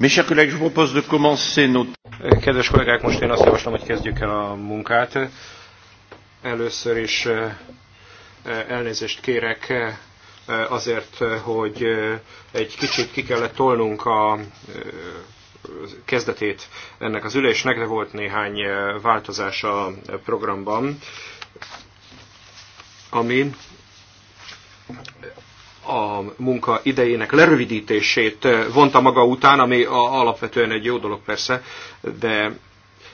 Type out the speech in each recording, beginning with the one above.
Kedves kollégák, most én azt javaslom, hogy kezdjük el a munkát. Először is elnézést kérek azért, hogy egy kicsit ki kellett tolnunk a kezdetét ennek az ülésnek, de volt néhány változás a programban, ami a munka idejének lerövidítését eh, vonta maga után, ami alapvetően egy jó dolog persze, de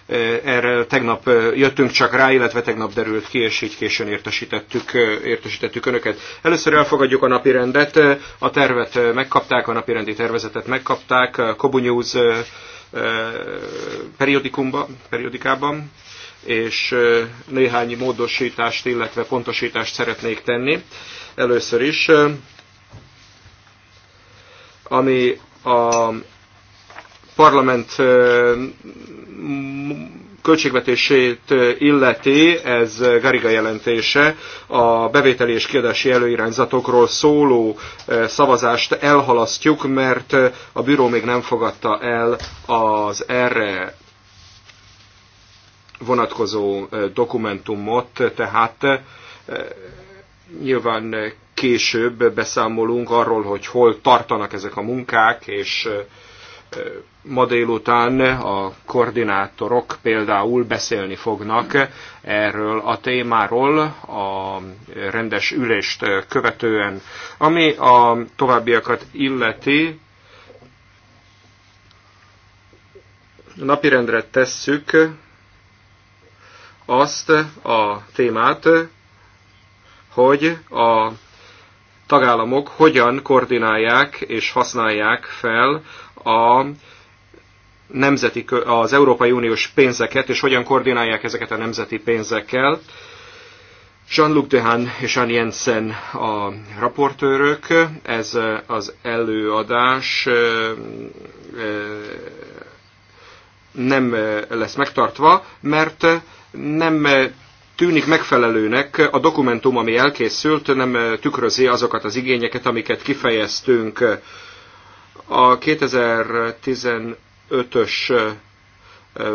eh, erre tegnap eh, jöttünk csak rá, illetve tegnap derült ki, és így későn értesítettük, értesítettük önöket. Először elfogadjuk a napi rendet, a tervet megkapták, a napi rendi tervezetet megkapták, Kobu News periodikában, és néhány módosítást, illetve pontosítást szeretnék tenni. Először is ami a parlament költségvetését illeti, ez Gariga jelentése, a bevételi és kiadási előirányzatokról szóló szavazást elhalasztjuk, mert a büró még nem fogadta el az erre vonatkozó dokumentumot, tehát nyilván később beszámolunk arról, hogy hol tartanak ezek a munkák, és ma délután a koordinátorok például beszélni fognak erről a témáról a rendes ülést követően. Ami a továbbiakat illeti, napirendre tesszük azt a témát, hogy a tagállamok hogyan koordinálják és használják fel a nemzeti, az Európai Uniós pénzeket, és hogyan koordinálják ezeket a nemzeti pénzekkel. Jean-Luc Dehan és Anne Jensen a raportőrök, ez az előadás nem lesz megtartva, mert nem tűnik megfelelőnek, a dokumentum, ami elkészült, nem eh, tükrözi azokat az igényeket, amiket kifejeztünk a 2015-ös eh,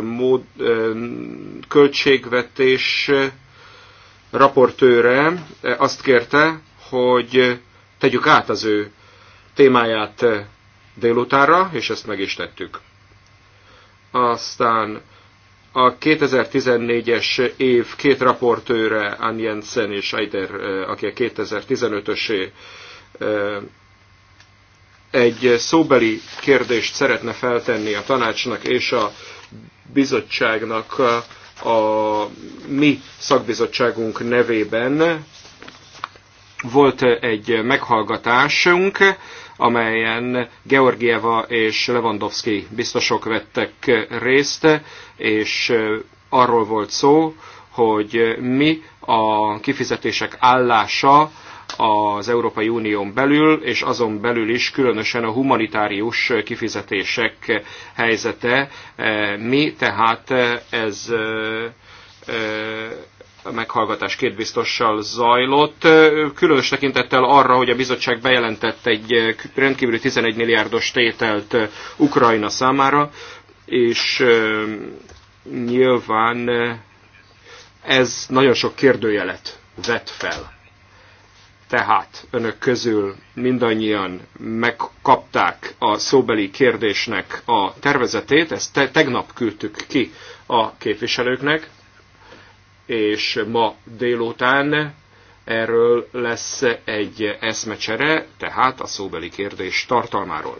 mód, eh, költségvetés raportőre azt kérte, hogy tegyük át az ő témáját délutára, és ezt meg is tettük. Aztán a 2014-es év két raportőre, Ann Jensen és Eider, aki a 2015-ösé, egy szóbeli kérdést szeretne feltenni a tanácsnak és a bizottságnak a mi szakbizottságunk nevében. Volt egy meghallgatásunk, amelyen Georgieva és Lewandowski biztosok vettek részt, és arról volt szó, hogy mi a kifizetések állása az Európai Unión belül, és azon belül is különösen a humanitárius kifizetések helyzete. Mi tehát ez meghallgatás két biztossal zajlott, különös tekintettel arra, hogy a bizottság bejelentett egy rendkívüli 11 milliárdos tételt Ukrajna számára, és nyilván ez nagyon sok kérdőjelet vet fel. Tehát önök közül mindannyian megkapták a szóbeli kérdésnek a tervezetét, ezt te tegnap küldtük ki a képviselőknek, és ma délután erről lesz egy eszmecsere, tehát a szóbeli kérdés tartalmáról.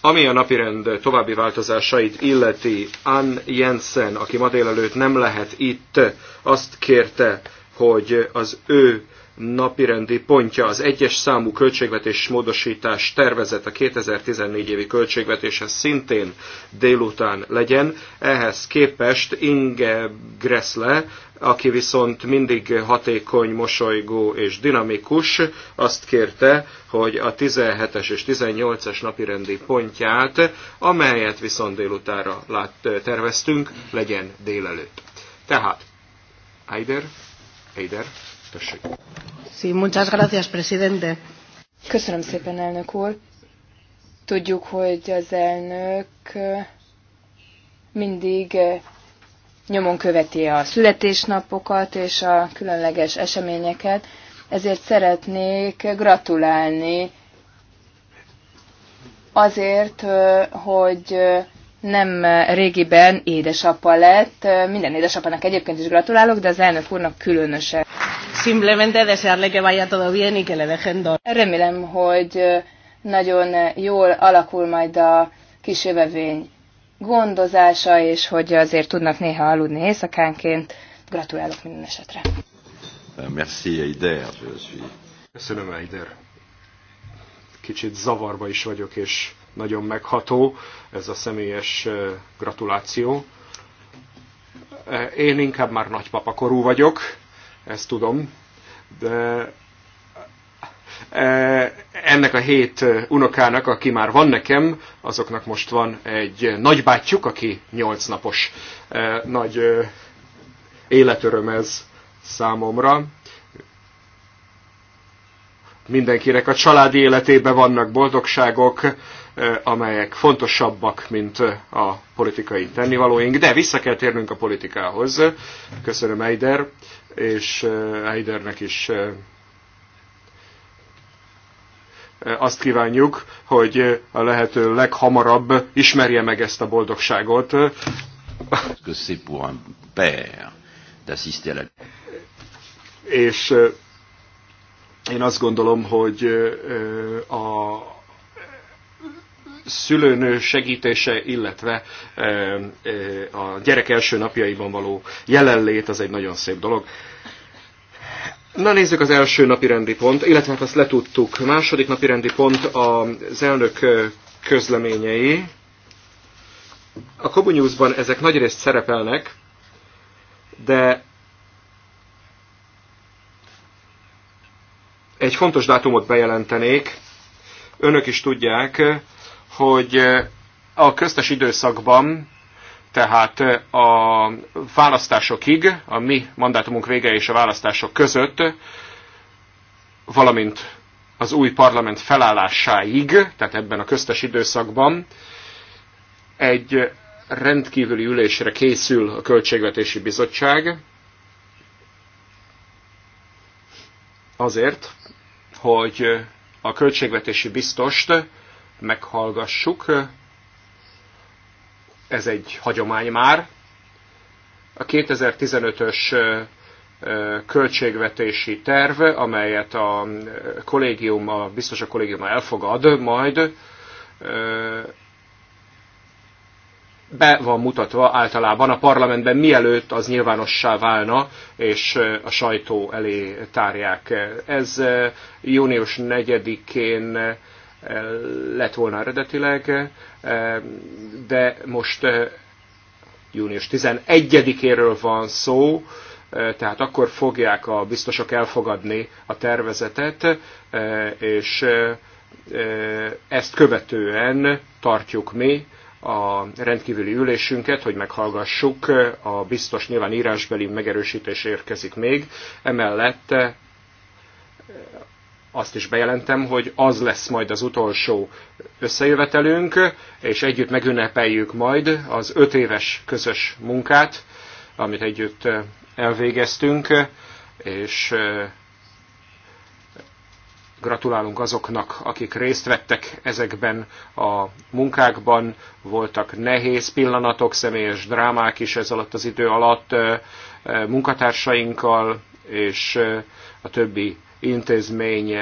Ami a napirend további változásait illeti, Ann Jensen, aki ma délelőtt nem lehet itt, azt kérte, hogy az ő napirendi pontja az egyes számú költségvetés módosítás tervezet a 2014 évi költségvetéshez szintén délután legyen. Ehhez képest Inge Gressle, aki viszont mindig hatékony, mosolygó és dinamikus, azt kérte, hogy a 17-es és 18-es napirendi pontját, amelyet viszont délutára lát, terveztünk, legyen délelőtt. Tehát, Eider, Eider, Tessék. Sí, muchas gracias, presidente. Köszönöm szépen, elnök úr. Tudjuk, hogy az elnök mindig nyomon követi a születésnapokat és a különleges eseményeket, ezért szeretnék gratulálni azért, hogy nem régiben édesapa lett. Minden édesapának egyébként is gratulálok, de az elnök úrnak különösen. Simplemente desearle que vaya todo bien y que le dejen Remélem, hogy nagyon jól alakul majd a kis jövevény gondozása, és hogy azért tudnak néha aludni éjszakánként. Gratulálok minden esetre. Merci, Eider. Köszönöm, Eider. Kicsit zavarba is vagyok, és nagyon megható ez a személyes gratuláció. Én inkább már nagypapakorú vagyok, ezt tudom, de ennek a hét unokának, aki már van nekem, azoknak most van egy nagybátyjuk, aki nyolc napos. Nagy életöröm ez számomra. Mindenkinek a családi életében vannak boldogságok, amelyek fontosabbak, mint a politikai tennivalóink, de vissza kell térnünk a politikához. Köszönöm Eider, és Eidernek is azt kívánjuk, hogy a lehető leghamarabb ismerje meg ezt a boldogságot. És én azt gondolom, hogy a, szülőnő segítése, illetve e, e, a gyerek első napjaiban való jelenlét, az egy nagyon szép dolog. Na nézzük az első napi rendi pont, illetve hát azt letudtuk. Második napi rendi pont az elnök e, közleményei. A Kobu ezek nagyrészt szerepelnek, de egy fontos dátumot bejelentenék. Önök is tudják, hogy a köztes időszakban, tehát a választásokig, a mi mandátumunk vége és a választások között, valamint az új parlament felállásáig, tehát ebben a köztes időszakban, egy rendkívüli ülésre készül a Költségvetési Bizottság, azért, hogy a költségvetési biztost meghallgassuk. Ez egy hagyomány már. A 2015-ös költségvetési terv, amelyet a kollégium, a biztos a kollégium elfogad majd, be van mutatva általában a parlamentben, mielőtt az nyilvánossá válna, és a sajtó elé tárják. Ez június 4-én lett volna eredetileg, eh, de most eh, június 11-éről van szó, eh, tehát akkor fogják a biztosok elfogadni a tervezetet, és ezt követően tartjuk mi a rendkívüli ülésünket, hogy meghallgassuk. A biztos nyilván írásbeli megerősítés érkezik még. Emellett azt is bejelentem, hogy az lesz majd az utolsó összejövetelünk, és együtt megünnepeljük majd az öt éves közös munkát, amit együtt eh, elvégeztünk, és eh, gratulálunk azoknak, akik részt vettek ezekben a munkákban. Voltak nehéz pillanatok, személyes drámák is ez alatt az idő alatt eh, munkatársainkkal, és a többi intézmény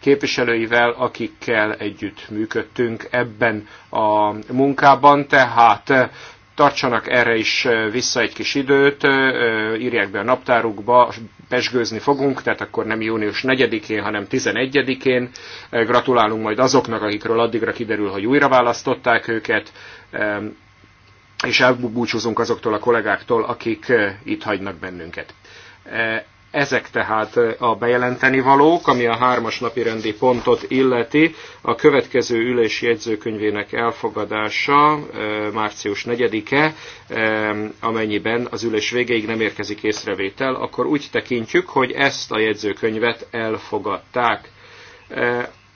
képviselőivel, akikkel együtt működtünk ebben a munkában, tehát eh, tartsanak erre is eh, vissza egy kis időt, eh, írják be a naptárukba, pesgőzni fogunk, tehát akkor nem június 4-én, hanem 11-én. Gratulálunk majd azoknak, akikről addigra kiderül, hogy újra választották őket, és elbúcsúzunk azoktól a kollégáktól, akik itt hagynak bennünket. Ezek tehát a bejelenteni valók, ami a hármas napi rendi pontot illeti. A következő ülési jegyzőkönyvének elfogadása március 4-e, amennyiben az ülés végéig nem érkezik észrevétel, akkor úgy tekintjük, hogy ezt a jegyzőkönyvet elfogadták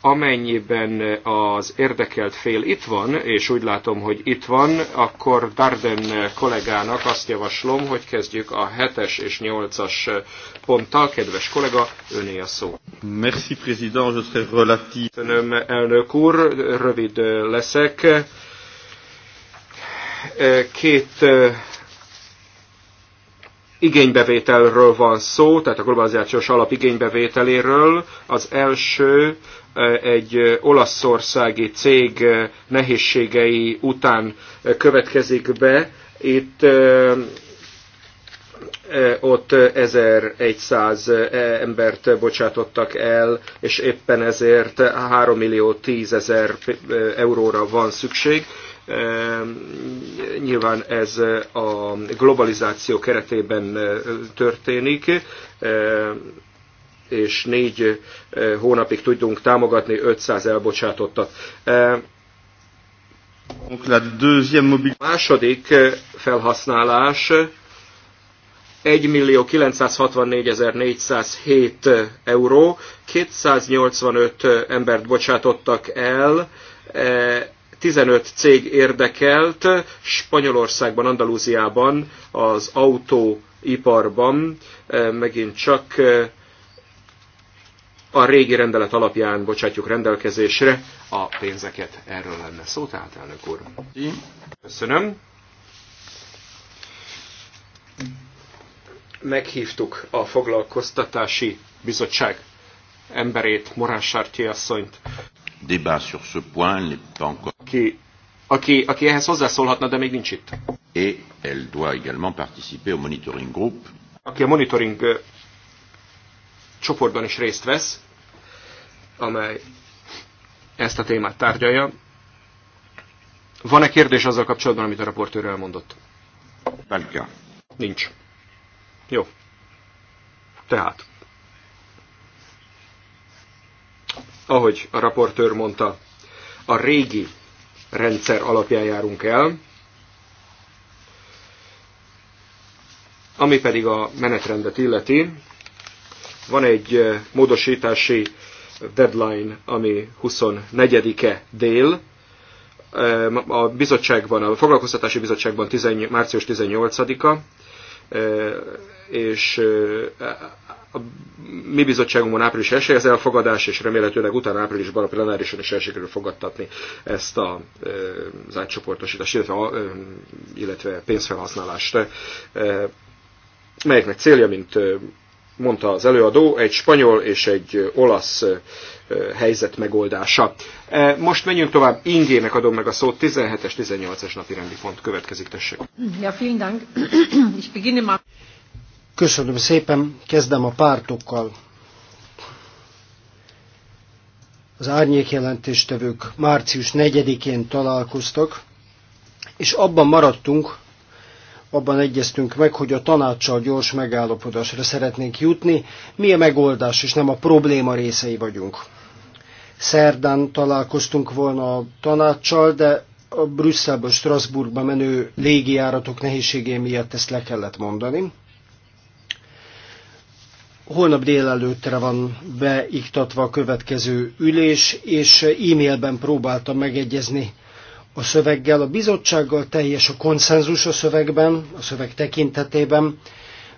amennyiben az érdekelt fél itt van, és úgy látom, hogy itt van, akkor Darden kollégának azt javaslom, hogy kezdjük a 7-es és 8-as ponttal. Kedves kollega, öné a szó. Merci, président, je serai relativ. Önöm, elnök úr, rövid leszek. Két igénybevételről van szó, tehát a globalizációs alap igénybevételéről. Az első egy olaszországi cég nehézségei után következik be. Itt ott 1100 embert bocsátottak el, és éppen ezért 3 millió 10 ezer euróra van szükség. Nyilván ez a globalizáció keretében történik és négy eh, hónapig tudunk támogatni 500 elbocsátottat. Eh, A második eh, felhasználás 1.964.407 euró, 285 embert bocsátottak el, 15 cég érdekelt Spanyolországban, Andalúziában, az autóiparban, megint csak a régi rendelet alapján bocsátjuk rendelkezésre a pénzeket. Erről lenne szó, tehát elnök úr. Köszönöm. Meghívtuk a foglalkoztatási bizottság emberét, Morán Sártyi asszonyt. Débat sur ce point aki, aki ehhez hozzászólhatna, de még nincs itt. Et elle doit également participer au monitoring group. Aki a monitoring csoportban is részt vesz, amely ezt a témát tárgyalja. Van-e kérdés azzal kapcsolatban, amit a raportőr elmondott? Belgia. Nincs. Jó. Tehát, ahogy a raportőr mondta, a régi rendszer alapján járunk el, ami pedig a menetrendet illeti. Van egy eh, módosítási deadline, ami 24-e dél, a bizottságban, a foglalkoztatási bizottságban 10, március 18-a, és a mi bizottságunkban április 1 az elfogadás, és remélhetőleg utána áprilisban a plenárison is el sikerül fogadtatni ezt a, az átcsoportosítást, illetve, illetve pénzfelhasználást, melyeknek célja, mint mondta az előadó, egy spanyol és egy olasz helyzet megoldása. E, most menjünk tovább, Ingének adom meg a szót, 17-es, 18-es napi rendi pont következik, tessék. Ja, vielen Dank. Ich beginne mal. Köszönöm szépen, kezdem a pártokkal. Az árnyékjelentéstevők március 4-én találkoztak, és abban maradtunk, abban egyeztünk meg, hogy a tanácssal gyors megállapodásra szeretnénk jutni. Mi a megoldás, és nem a probléma részei vagyunk. Szerdán találkoztunk volna a tanácssal, de a Brüsszelből Strasbourgba menő légijáratok nehézségé miatt ezt le kellett mondani. Holnap délelőttre van beiktatva a következő ülés, és e-mailben próbáltam megegyezni a szöveggel, a bizottsággal teljes a konszenzus a szövegben, a szöveg tekintetében.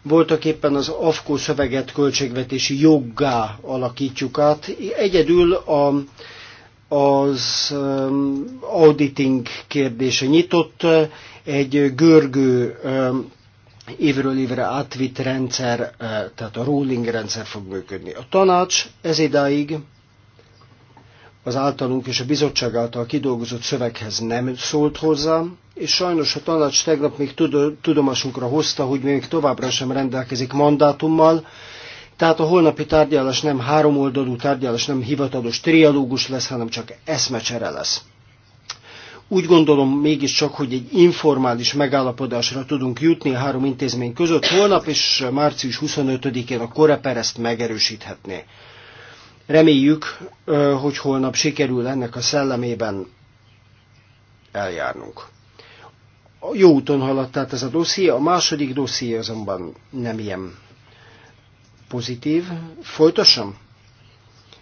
Voltak éppen az AFKO szöveget költségvetési joggá alakítjuk át. Egyedül a, az um, auditing kérdése nyitott, egy görgő um, évről évre átvitt rendszer, uh, tehát a rolling rendszer fog működni. A tanács ez idáig az általunk és a bizottság által kidolgozott szöveghez nem szólt hozzám, és sajnos a tanács tegnap még tudomásunkra hozta, hogy még továbbra sem rendelkezik mandátummal, tehát a holnapi tárgyalás nem háromoldalú tárgyalás, nem hivatalos trialógus lesz, hanem csak eszmecsere lesz. Úgy gondolom mégiscsak, hogy egy informális megállapodásra tudunk jutni a három intézmény között holnap és március 25-én a Korepereszt megerősíthetné. Reméljük, hogy holnap sikerül ennek a szellemében eljárnunk. jó úton haladt tehát ez a dosszié, a második dosszié azonban nem ilyen pozitív. Folytassam?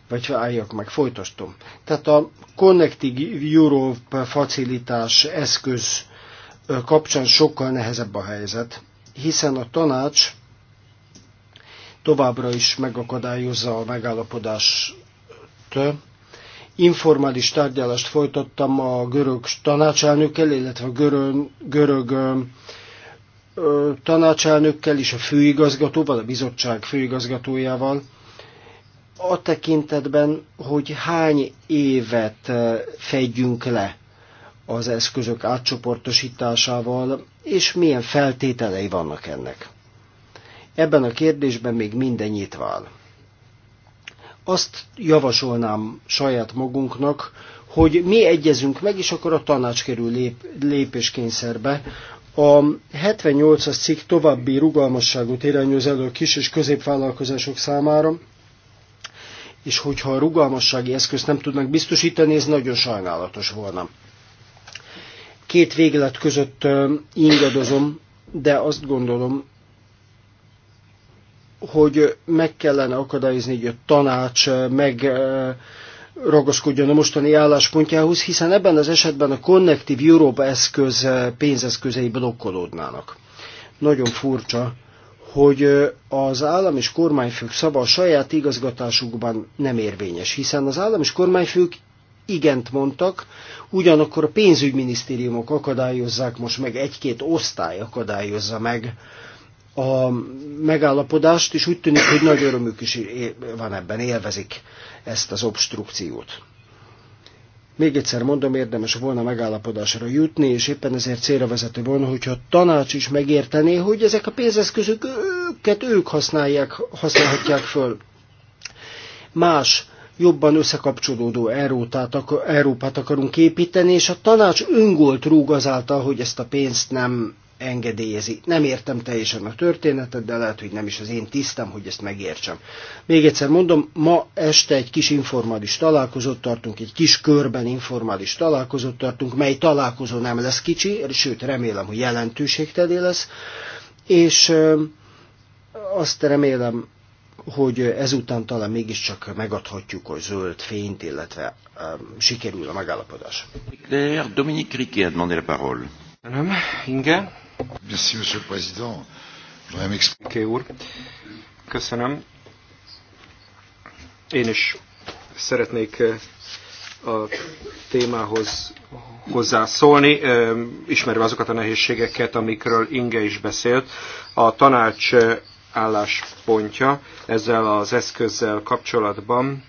Vagy álljak meg, folytastom. Tehát a Connecting Europe facilitás eszköz kapcsán sokkal nehezebb a helyzet, hiszen a tanács továbbra is megakadályozza a megállapodást. Informális tárgyalást folytattam a görög tanácselnökkel, illetve a görög, görög tanácselnökkel és a főigazgatóval, a bizottság főigazgatójával, a tekintetben, hogy hány évet fedjünk le az eszközök átcsoportosításával, és milyen feltételei vannak ennek. Ebben a kérdésben még minden nyitva áll. Azt javasolnám saját magunknak, hogy mi egyezünk meg, és akkor a tanács kerül lép, lépéskényszerbe. A 78-as cikk további rugalmasságot irányoz elő a kis és középvállalkozások számára, és hogyha a rugalmassági eszközt nem tudnak biztosítani, ez nagyon sajnálatos volna. Két véglet között ingadozom, de azt gondolom, hogy meg kellene akadályozni, hogy a tanács eh, meg eh, ragaszkodjon a mostani álláspontjához, hiszen ebben az esetben a Connective Europe eszköz eh, pénzeszközei blokkolódnának. Nagyon furcsa, hogy az állam és kormányfők szava a saját igazgatásukban nem érvényes, hiszen az állam és kormányfők igent mondtak, ugyanakkor a pénzügyminisztériumok akadályozzák most meg, egy-két osztály akadályozza meg a megállapodást, és úgy tűnik, hogy nagy örömük is van ebben, élvezik ezt az obstrukciót. Még egyszer mondom, érdemes volna megállapodásra jutni, és éppen ezért célra vezető volna, hogyha a tanács is megértené, hogy ezek a pénzeszközök őket ők használják, használhatják föl. Más, jobban összekapcsolódó Európát, Európát akarunk építeni, és a tanács öngolt rúg azáltal, hogy ezt a pénzt nem engedélyezi. Nem értem teljesen a történetet, de lehet, hogy nem is az én tisztem, hogy ezt megértsem. Még egyszer mondom, ma este egy kis informális találkozót tartunk, egy kis körben informális találkozót tartunk, mely találkozó nem lesz kicsi, sőt remélem, hogy jelentőségteli lesz, és azt remélem, hogy ezután talán mégiscsak megadhatjuk a zöld fényt, illetve um, sikerül a megállapodás. Dominique Riquet a demandé la parole. Köszönöm. Inge? úr, köszönöm. Én is szeretnék eh, a témához hozzászólni, eh, ismerve azokat a nehézségeket, amikről Inge is beszélt. A tanács eh, álláspontja ezzel az eszközzel kapcsolatban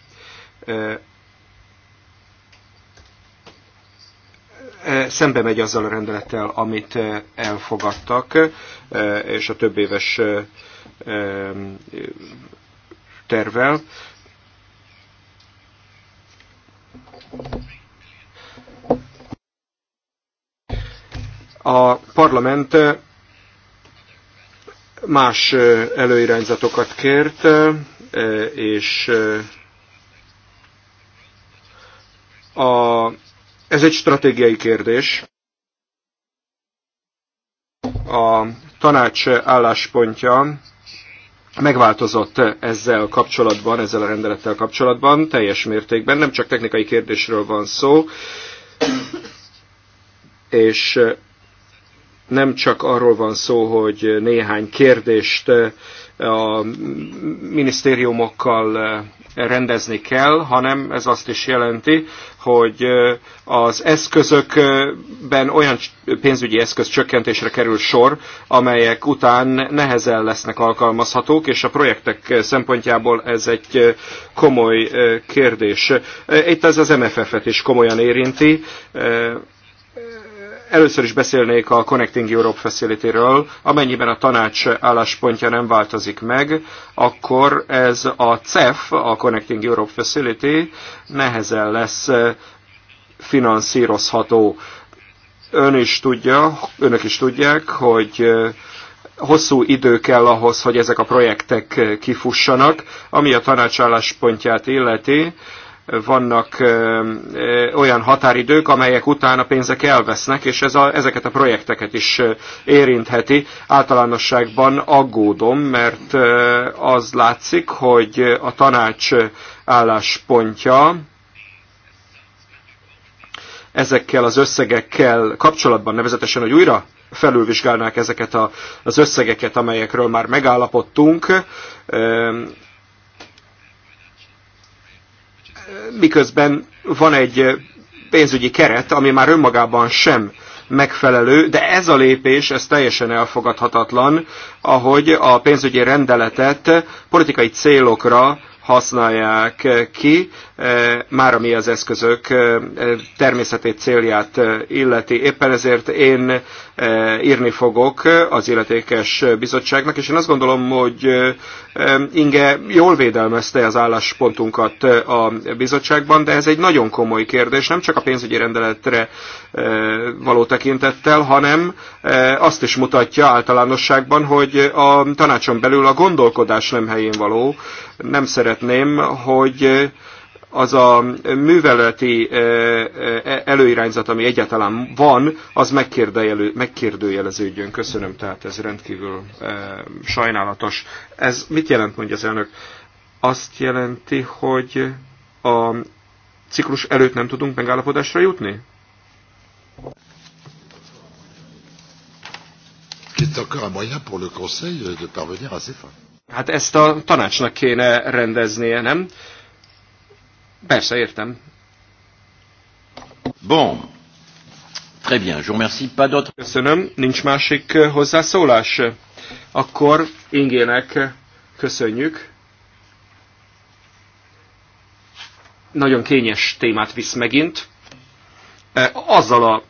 szembe megy azzal a rendelettel, amit elfogadtak, és a több éves tervel. A parlament más előirányzatokat kért, és a ez egy stratégiai kérdés. A tanács álláspontja megváltozott ezzel kapcsolatban, ezzel a rendelettel kapcsolatban, teljes mértékben, nem csak technikai kérdésről van szó, és nem csak arról van szó, hogy néhány kérdést a minisztériumokkal rendezni kell, hanem ez azt is jelenti, hogy az eszközökben olyan pénzügyi eszköz csökkentésre kerül sor, amelyek után nehezen lesznek alkalmazhatók, és a projektek szempontjából ez egy komoly kérdés. Itt ez az MFF-et is komolyan érinti Először is beszélnék a Connecting Europe facility Amennyiben a tanács álláspontja nem változik meg, akkor ez a CEF, a Connecting Europe Facility nehezen lesz eh, finanszírozható. Ön is tudja, önök is tudják, hogy eh, hosszú idő kell ahhoz, hogy ezek a projektek eh, kifussanak, ami a tanács álláspontját illeti vannak olyan határidők, amelyek után a pénzek elvesznek, és ez a, ezeket a projekteket is érintheti. Általánosságban aggódom, mert az látszik, hogy a tanács álláspontja ezekkel az összegekkel kapcsolatban, nevezetesen, hogy újra felülvizsgálnák ezeket a, az összegeket, amelyekről már megállapodtunk, miközben van egy pénzügyi keret, ami már önmagában sem megfelelő, de ez a lépés, ez teljesen elfogadhatatlan, ahogy a pénzügyi rendeletet politikai célokra használják ki, eh, már ami az eszközök eh, természetét célját eh, illeti. Éppen ezért én Eh, írni fogok az illetékes bizottságnak, és én azt gondolom, hogy eh, Inge jól védelmezte az álláspontunkat eh, a bizottságban, de ez egy nagyon komoly kérdés, nem csak a pénzügyi rendeletre való tekintettel, hanem azt is mutatja általánosságban, hogy a tanácson belül a gondolkodás nem helyén való. Nem szeretném, hogy az a műveleti e, előirányzat, ami egyáltalán van, az megkérdőjeleződjön. Köszönöm, tehát ez rendkívül sajnálatos. Ez mit jelent, mondja az elnök? Azt jelenti, hogy a ciklus előtt nem tudunk megállapodásra jutni? Hát ezt a tanácsnak kéne rendeznie, nem? Persze, értem. Bon. Très bien, je remercie pas d'autres. Köszönöm, nincs másik eh, hozzászólás. Akkor Ingének köszönjük. Nagyon kényes témát visz megint. Eh, azzal a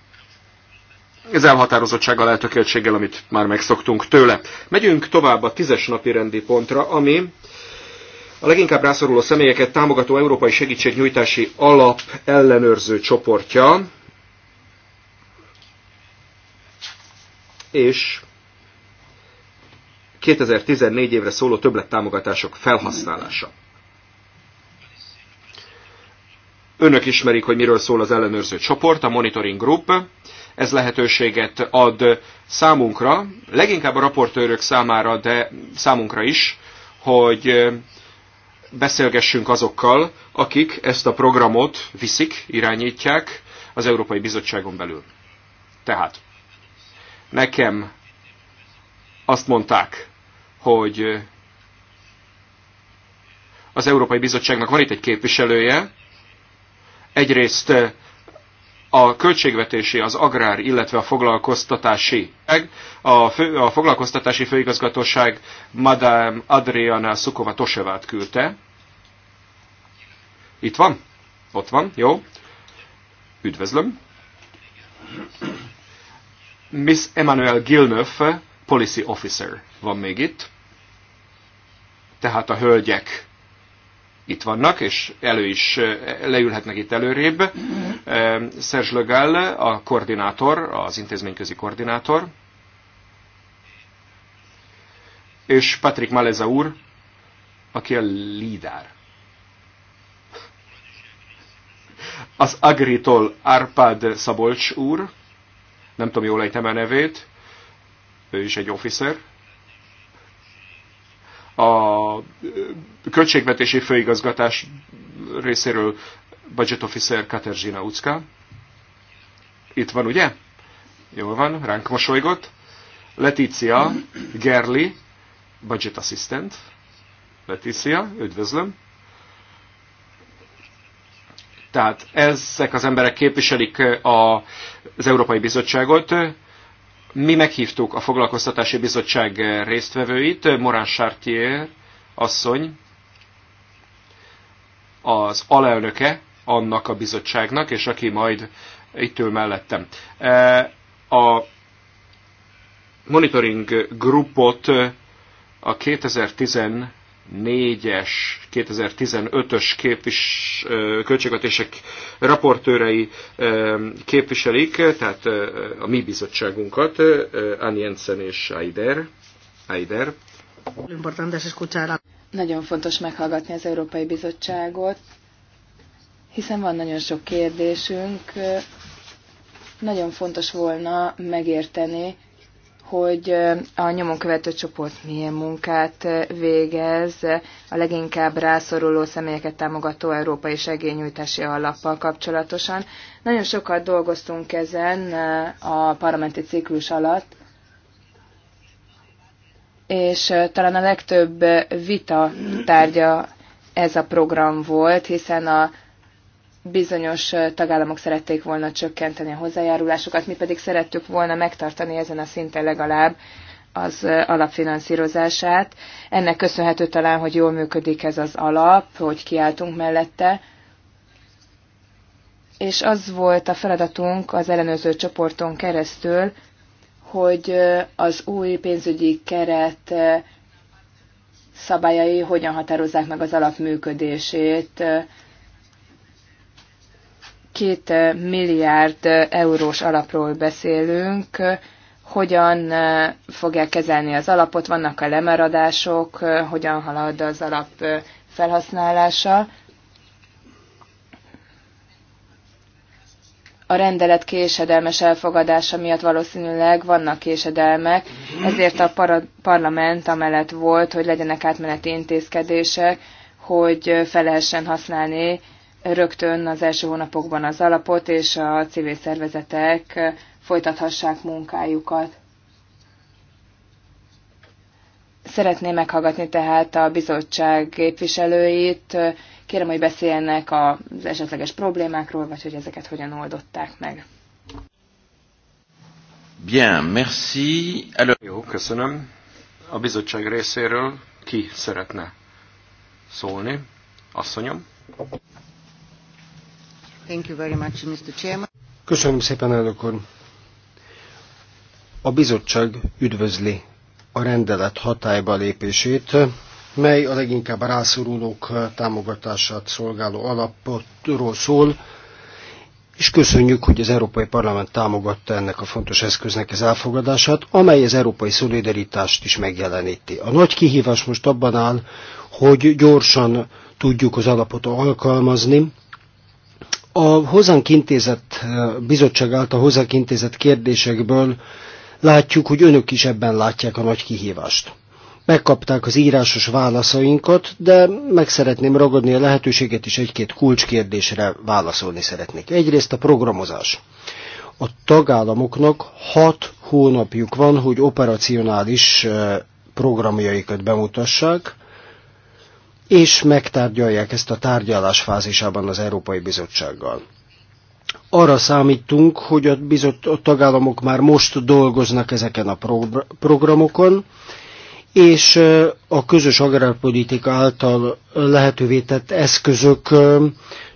az elhatározottsággal, eltökéltséggel, amit már megszoktunk tőle. Megyünk tovább a tízes napi rendi pontra, ami a leginkább rászoruló személyeket támogató Európai Segítségnyújtási Alap ellenőrző csoportja, és 2014 évre szóló többlettámogatások felhasználása. Önök ismerik, hogy miről szól az ellenőrző csoport, a Monitoring Group. Ez lehetőséget ad számunkra, leginkább a raportőrök számára, de számunkra is, hogy beszélgessünk azokkal, akik ezt a programot viszik, irányítják az Európai Bizottságon belül. Tehát nekem azt mondták, hogy az Európai Bizottságnak van itt egy képviselője, egyrészt a költségvetési, az agrár, illetve a foglalkoztatási, a, fő, a foglalkoztatási főigazgatóság Madame Adriana Szukova Tosevát küldte. Itt van? Ott van, jó. Üdvözlöm. Miss Emmanuel Gilnöf, Policy Officer van még itt. Tehát a hölgyek itt vannak, és elő is leülhetnek itt előrébb. Ehm, Serge Le Gall, a koordinátor, az intézményközi koordinátor, és Patrick Maleza úr, aki a lídár. Az Agritól Árpád Szabolcs úr, nem tudom, jól ejtem a nevét, ő is egy officer, a költségvetési főigazgatás részéről budget officer Katerzsina Ucka. Itt van, ugye? Jól van, ránk mosolygott. Letícia Gerli, budget assistant. Letícia, üdvözlöm. Tehát ezek az emberek képviselik a, az Európai Bizottságot. Mi meghívtuk a Foglalkoztatási Bizottság résztvevőit, Morán Chartier asszony, az alelnöke annak a bizottságnak, és aki majd itt ül mellettem. E, a monitoring grupot a 2010 2014-es, 2015-ös képvis, költségvetések raportőrei képviselik, tehát a mi bizottságunkat, Ann Jensen és Aider. Aider. Nagyon fontos meghallgatni az Európai Bizottságot, hiszen van nagyon sok kérdésünk. Nagyon fontos volna megérteni, hogy a nyomon követő csoport milyen munkát végez a leginkább rászoruló személyeket támogató Európai Segélynyújtási Alappal kapcsolatosan. Nagyon sokat dolgoztunk ezen a parlamenti ciklus alatt, és talán a legtöbb vita tárgya ez a program volt, hiszen a bizonyos tagállamok szerették volna csökkenteni a hozzájárulásokat, mi pedig szerettük volna megtartani ezen a szinten legalább az alapfinanszírozását. Ennek köszönhető talán, hogy jól működik ez az alap, hogy kiálltunk mellette, és az volt a feladatunk az ellenőrző csoporton keresztül, hogy az új pénzügyi keret szabályai hogyan határozzák meg az alapműködését, két eh, milliárd eh, eurós alapról beszélünk, hogyan eh, fogják kezelni az alapot, vannak a lemaradások, hogyan halad az alap felhasználása. A rendelet késedelmes elfogadása miatt valószínűleg vannak késedelmek, ezért a para- parlament amellett volt, hogy legyenek átmeneti intézkedések, hogy fel lehessen használni rögtön az első hónapokban az alapot, és a civil szervezetek folytathassák munkájukat. Szeretném meghallgatni tehát a bizottság képviselőit. Kérem, hogy beszéljenek az esetleges problémákról, vagy hogy ezeket hogyan oldották meg. Bien, merci. Elő... Jó, köszönöm. A bizottság részéről ki szeretne szólni? Asszonyom? Köszönöm szépen, elnök úr. A bizottság üdvözli a rendelet hatályba lépését, mely a leginkább rászorulók támogatását szolgáló alapotról szól, és köszönjük, hogy az Európai Parlament támogatta ennek a fontos eszköznek az elfogadását, amely az európai szolidaritást is megjeleníti. A nagy kihívás most abban áll, hogy gyorsan tudjuk az alapot alkalmazni, a hozzánk intézett eh, bizottság által hozzánk intézett kérdésekből látjuk, hogy önök is ebben látják a nagy kihívást. Megkapták az írásos válaszainkat, de meg szeretném ragadni a lehetőséget is egy-két kulcskérdésre válaszolni szeretnék. Egyrészt a programozás. A tagállamoknak hat hónapjuk van, hogy operacionális eh, programjaikat bemutassák, és megtárgyalják ezt a tárgyalás fázisában az Európai Bizottsággal. Arra számítunk, hogy a, bizott, a tagállamok már most dolgoznak ezeken a progr programokon, és a közös agrárpolitika által lehetővé tett eszközök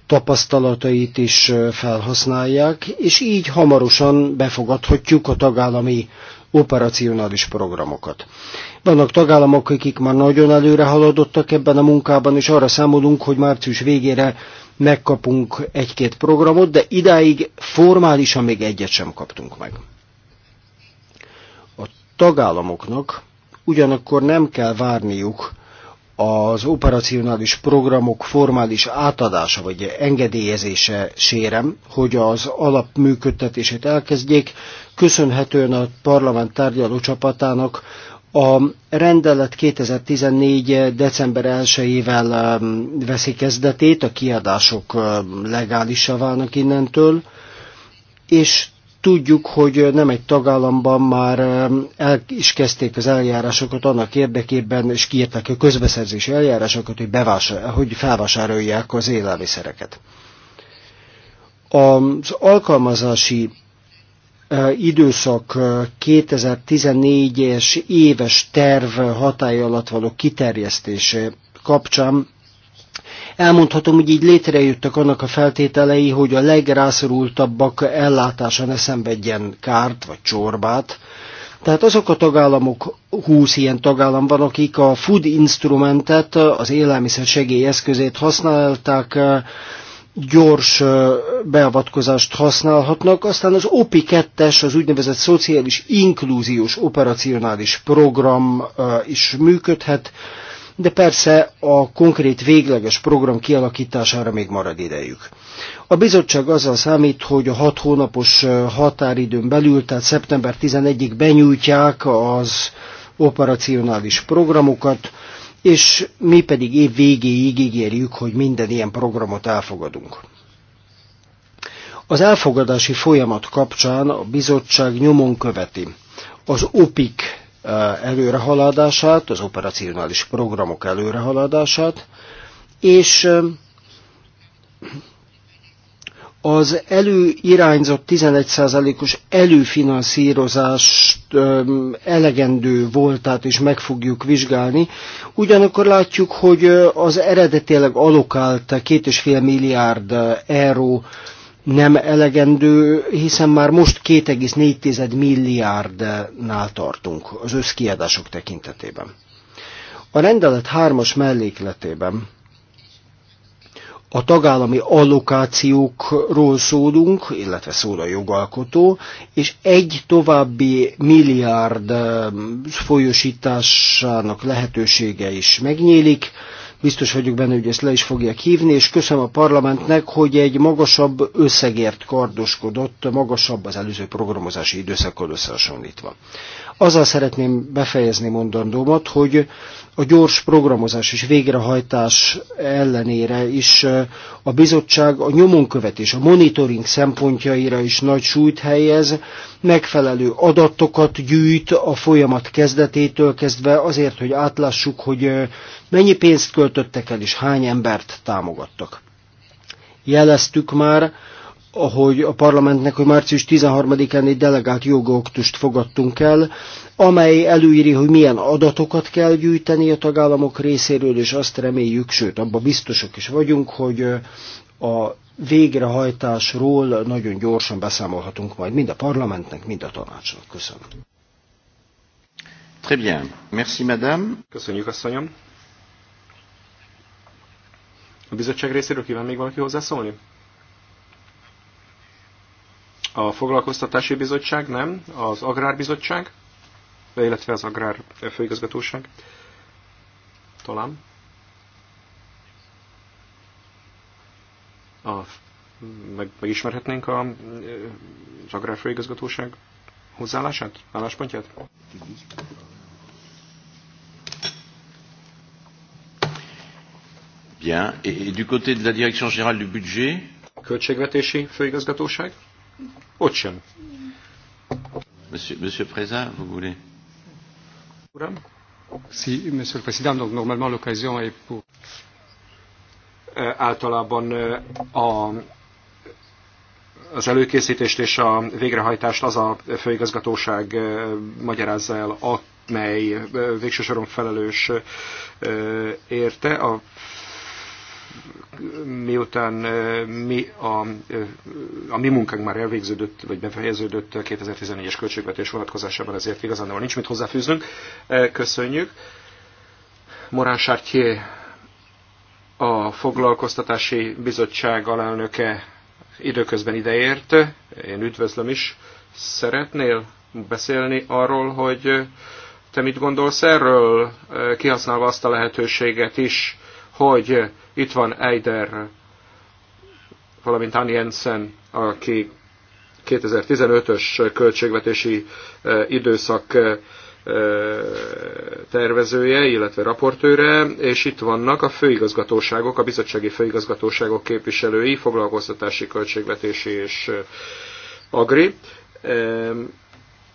tapasztalatait is felhasználják, és így hamarosan befogadhatjuk a tagállami operacionális programokat. Vannak tagállamok, akik már nagyon előre haladottak ebben a munkában, és arra számolunk, hogy március végére megkapunk egy-két programot, de idáig formálisan még egyet sem kaptunk meg. A tagállamoknak ugyanakkor nem kell várniuk, az operacionális programok formális átadása vagy engedélyezése sérem, hogy az alapműködtetését elkezdjék, köszönhetően a parlament tárgyaló csapatának a rendelet 2014. december 1-ével um, veszi kezdetét, a kiadások um, legálisá válnak innentől, és Tudjuk, hogy nem egy tagállamban már el is kezdték az eljárásokat annak érdekében, és kiírták a közbeszerzési eljárásokat, hogy, hogy felvásárolják az élelmiszereket. Az alkalmazási e, időszak 2014-es e, éves terv hatály alatt való kiterjesztése kapcsán Elmondhatom, hogy így létrejöttek annak a feltételei, hogy a legrászorultabbak ellátása ne szenvedjen kárt vagy csorbát. Tehát azok a tagállamok, 20 ilyen tagállam van, akik a food instrumentet, az élelmiszer segélyeszközét használták, gyors beavatkozást használhatnak, aztán az OPI 2-es, az úgynevezett szociális inklúziós operacionális program is működhet, de persze a konkrét végleges program kialakítására még marad idejük. A bizottság azzal számít, hogy a hat hónapos határidőn belül, tehát szeptember 11-ig benyújtják az operacionális programokat, és mi pedig év végéig ígérjük, hogy minden ilyen programot elfogadunk. Az elfogadási folyamat kapcsán a bizottság nyomon követi az OPIC Eh, előrehaladását, az operacionális programok előrehaladását, és eh, az előirányzott 11%-os előfinanszírozást eh, elegendő voltát is meg fogjuk vizsgálni. Ugyanakkor látjuk, hogy az eredetileg alokált 2,5 milliárd euró nem elegendő, hiszen már most 2,4 milliárdnál tartunk az összkiadások tekintetében. A rendelet hármas mellékletében a tagállami allokációkról szólunk, illetve szól a jogalkotó, és egy további milliárd folyosításának lehetősége is megnyílik, Biztos vagyok benne, hogy ezt le is fogják hívni, és köszönöm a parlamentnek, hogy egy magasabb összegért kardoskodott, magasabb az előző programozási időszakkal összehasonlítva. Azzal szeretném befejezni mondandómat, hogy a gyors programozás és végrehajtás ellenére is a bizottság a nyomonkövetés, a monitoring szempontjaira is nagy súlyt helyez, megfelelő adatokat gyűjt a folyamat kezdetétől kezdve azért, hogy átlássuk, hogy mennyi pénzt költöttek el és hány embert támogattak. Jeleztük már, ahogy a parlamentnek, hogy március 13-án egy delegált jogoktust fogadtunk el, amely előírja, hogy milyen adatokat kell gyűjteni a tagállamok részéről, és azt reméljük, sőt, abban biztosak is vagyunk, hogy a végrehajtásról nagyon gyorsan beszámolhatunk majd mind a parlamentnek, mind a tanácsnak. Köszönöm. Très bien. Merci, madame. Köszönjük, asszonyom. A bizottság részéről kíván még valaki hozzászólni? A Foglalkoztatási Bizottság nem, az Agrárbizottság, illetve az Agrár Főigazgatóság. Talán. A, meg, megismerhetnénk a, az Agrár Főigazgatóság hozzáállását, álláspontját? Bien. Et, et du côté de la Direction Générale du Budget Költségvetési Főigazgatóság? Ott sem. Monsieur, Monsieur vous voulez? Uram? Si, Monsieur le Président, donc normalement l'occasion est pour... Euh, általában euh, a, az előkészítést és a végrehajtást az a főigazgatóság euh, magyarázza el, amely végső soron felelős érte. A miután mi a, a mi munkánk már elvégződött, vagy befejeződött 2014-es költségvetés vonatkozásában, ezért igazán nem nincs mit hozzáfűznünk. Köszönjük. Morán Sártyé, a Foglalkoztatási Bizottság alelnöke időközben ideért. Én üdvözlöm is. Szeretnél beszélni arról, hogy te mit gondolsz erről, kihasználva azt a lehetőséget is, hogy itt van Eider, valamint Annie Jensen, aki 2015-ös költségvetési eh, időszak eh, tervezője, illetve raportőre, és itt vannak a főigazgatóságok, a bizottsági főigazgatóságok képviselői, foglalkoztatási, költségvetési és eh, agri,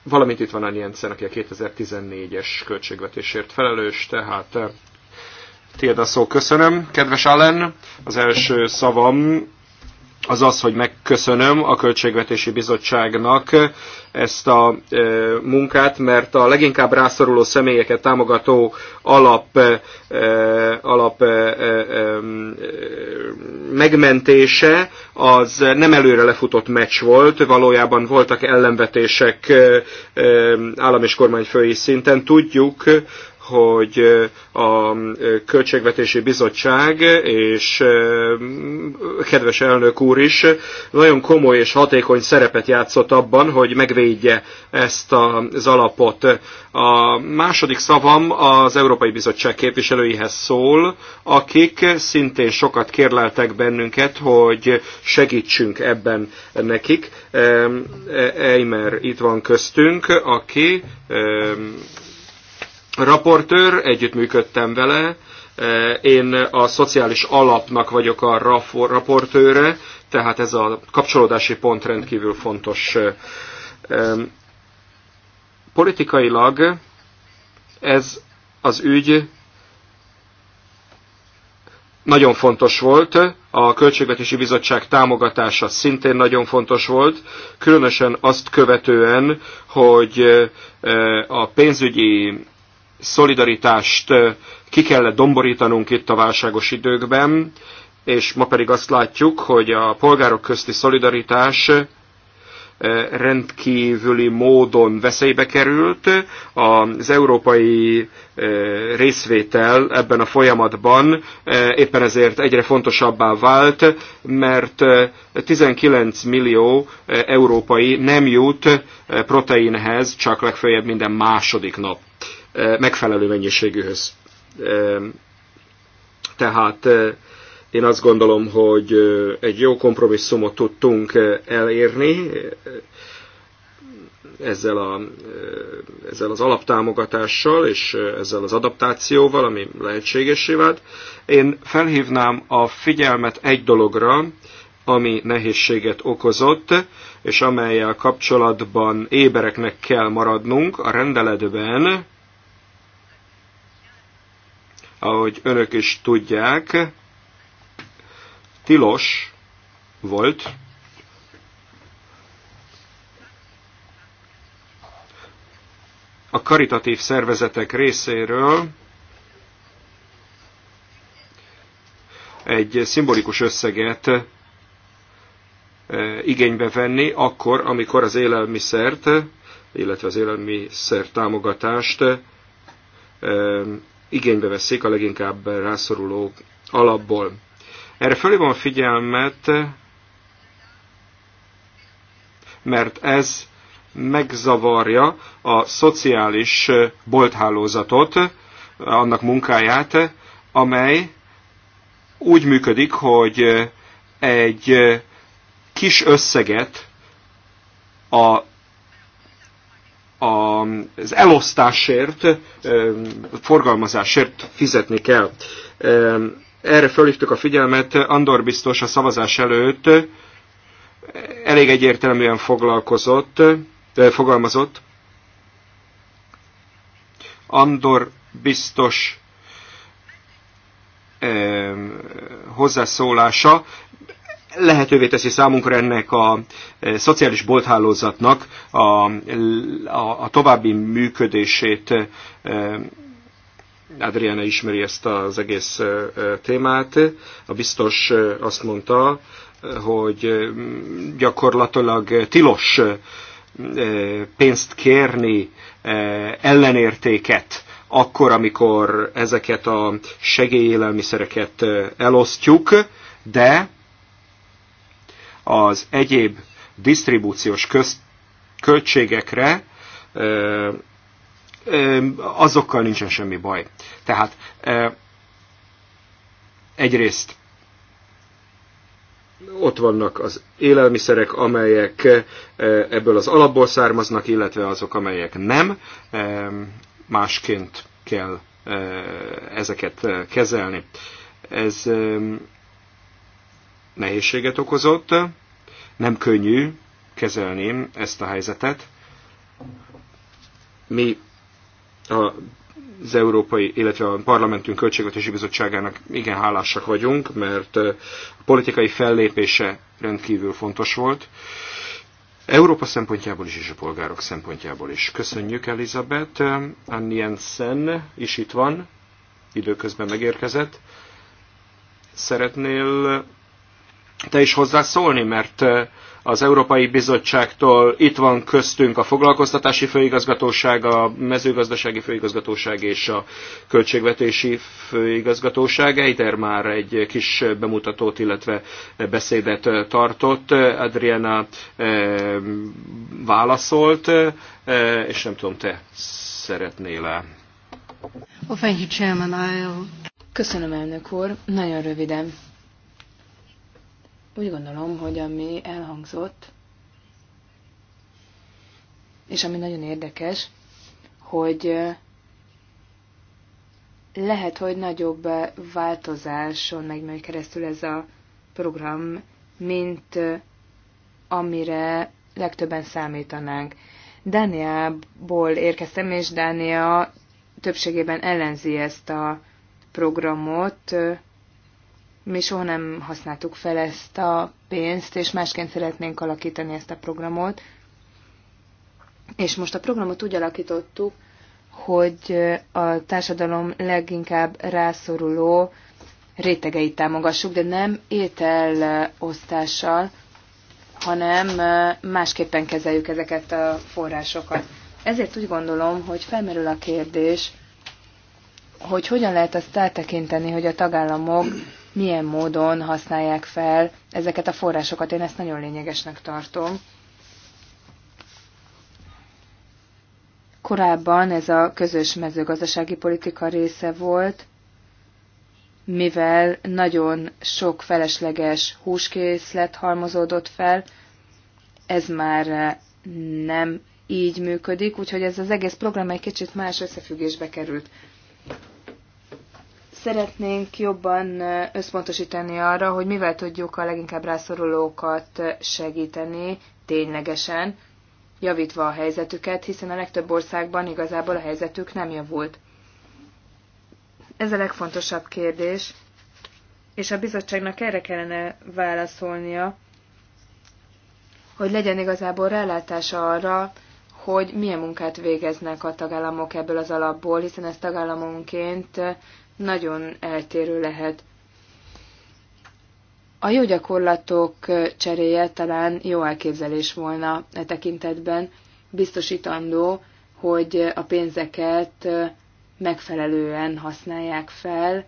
valamint itt van Ann Jensen, aki a 2014-es költségvetésért felelős, tehát Tiéd a szó, köszönöm. Kedves Allen, az első szavam az az, hogy megköszönöm a Költségvetési Bizottságnak ezt a e, munkát, mert a leginkább rászoruló személyeket támogató alap, e, alap e, megmentése az nem előre lefutott meccs volt, valójában voltak ellenvetések állam és kormányfői szinten. Tudjuk, hogy a Költségvetési Bizottság és kedves elnök úr is nagyon komoly és hatékony szerepet játszott abban, hogy megvédje ezt az alapot. A második szavam az Európai Bizottság képviselőihez szól, akik szintén sokat kérleltek bennünket, hogy segítsünk ebben nekik. Eimer itt van köztünk, aki raportőr, együttműködtem vele, e, én a szociális alapnak vagyok a raportőre, tehát ez a kapcsolódási pont rendkívül fontos. E, politikailag ez az ügy nagyon fontos volt, a Költségvetési Bizottság támogatása szintén nagyon fontos volt, különösen azt követően, hogy e, a pénzügyi szolidaritást ki kellett domborítanunk itt a válságos időkben, és ma pedig azt látjuk, hogy a polgárok közti szolidaritás rendkívüli módon veszélybe került. Az európai részvétel ebben a folyamatban éppen ezért egyre fontosabbá vált, mert 19 millió európai nem jut proteinhez, csak legfeljebb minden második nap megfelelő mennyiségűhöz. Tehát én azt gondolom, hogy egy jó kompromisszumot tudtunk elérni ezzel, a, ezzel az alaptámogatással és ezzel az adaptációval, ami lehetségesé vált. Én felhívnám a figyelmet egy dologra, ami nehézséget okozott, és amelyel kapcsolatban ébereknek kell maradnunk. A rendeletben ahogy önök is tudják, tilos volt a karitatív szervezetek részéről egy szimbolikus összeget e, igénybe venni akkor, amikor az élelmiszert, illetve az élelmiszer támogatást e, igénybe veszik a leginkább rászoruló alapból. Erre fölé van figyelmet, mert ez megzavarja a szociális bolthálózatot, annak munkáját, amely úgy működik, hogy egy kis összeget a a az elosztásért, forgalmazásért fizetni kell. Erre fölhívtuk a figyelmet, Andor biztos a szavazás előtt elég egyértelműen foglalkozott, fogalmazott. Andor biztos hozzászólása lehetővé teszi számunkra ennek a eh, szociális bolthálózatnak a, a, a további működését. Eh, Adriana ismeri ezt az egész eh, témát. A biztos azt mondta, hogy gyakorlatilag tilos pénzt kérni ellenértéket akkor, amikor ezeket a segélyélelmiszereket elosztjuk, de az egyéb disztribúciós köz, költségekre ö, ö, azokkal nincsen semmi baj. Tehát ö, egyrészt ott vannak az élelmiszerek, amelyek ebből az alapból származnak, illetve azok, amelyek nem. Másként kell ezeket kezelni. Ez nehézséget okozott. Nem könnyű kezelni ezt a helyzetet. Mi a az Európai, illetve a Parlamentünk Költségvetési Bizottságának igen hálásak vagyunk, mert a politikai fellépése rendkívül fontos volt. Európa szempontjából is, és a polgárok szempontjából is. Köszönjük, Elizabeth. Anni Jensen is itt van, időközben megérkezett. Szeretnél te is hozzászólni, mert az Európai Bizottságtól itt van köztünk a foglalkoztatási főigazgatóság, a mezőgazdasági főigazgatóság és a költségvetési főigazgatóság. Eider már egy kis bemutatót, illetve beszédet tartott. Adriana válaszolt, és nem tudom, te szeretnél-e? Well, thank you, Chairman. I'll... Köszönöm, elnök úr. Nagyon röviden. Úgy gondolom, hogy ami elhangzott, és ami nagyon érdekes, hogy lehet, hogy nagyobb változáson megy majd keresztül ez a program, mint amire legtöbben számítanánk. Dániából érkeztem, és Dánia többségében ellenzi ezt a programot, mi soha nem használtuk fel ezt a pénzt, és másként szeretnénk alakítani ezt a programot. És most a programot úgy alakítottuk, hogy a társadalom leginkább rászoruló rétegeit támogassuk, de nem ételosztással, hanem másképpen kezeljük ezeket a forrásokat. Ezért úgy gondolom, hogy felmerül a kérdés, hogy hogyan lehet azt eltekinteni, hogy a tagállamok milyen módon használják fel ezeket a forrásokat. Én ezt nagyon lényegesnek tartom. Korábban ez a közös mezőgazdasági politika része volt, mivel nagyon sok felesleges húskészlet halmozódott fel, ez már nem így működik, úgyhogy ez az egész program egy kicsit más összefüggésbe került. Szeretnénk jobban összpontosítani arra, hogy mivel tudjuk a leginkább rászorulókat segíteni ténylegesen, javítva a helyzetüket, hiszen a legtöbb országban igazából a helyzetük nem javult. Ez a legfontosabb kérdés, és a bizottságnak erre kellene válaszolnia, hogy legyen igazából rálátása arra, hogy milyen munkát végeznek a tagállamok ebből az alapból, hiszen ez tagállamonként nagyon eltérő lehet. A jó gyakorlatok cseréje talán jó elképzelés volna e tekintetben, biztosítandó, hogy a pénzeket megfelelően használják fel.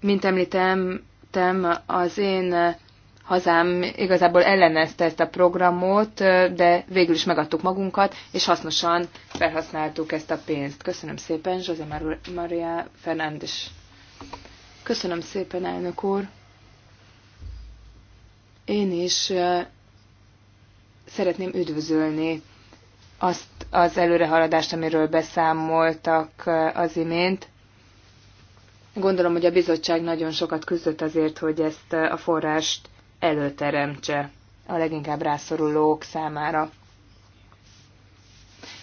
Mint említettem, az én hazám igazából ellenezte ezt a programot, de végül is megadtuk magunkat, és hasznosan felhasználtuk ezt a pénzt. Köszönöm szépen, José Maria Fernández. Köszönöm szépen, elnök úr. Én is szeretném üdvözölni azt az előrehaladást, amiről beszámoltak az imént. Gondolom, hogy a bizottság nagyon sokat küzdött azért, hogy ezt a forrást előteremtse a leginkább rászorulók számára.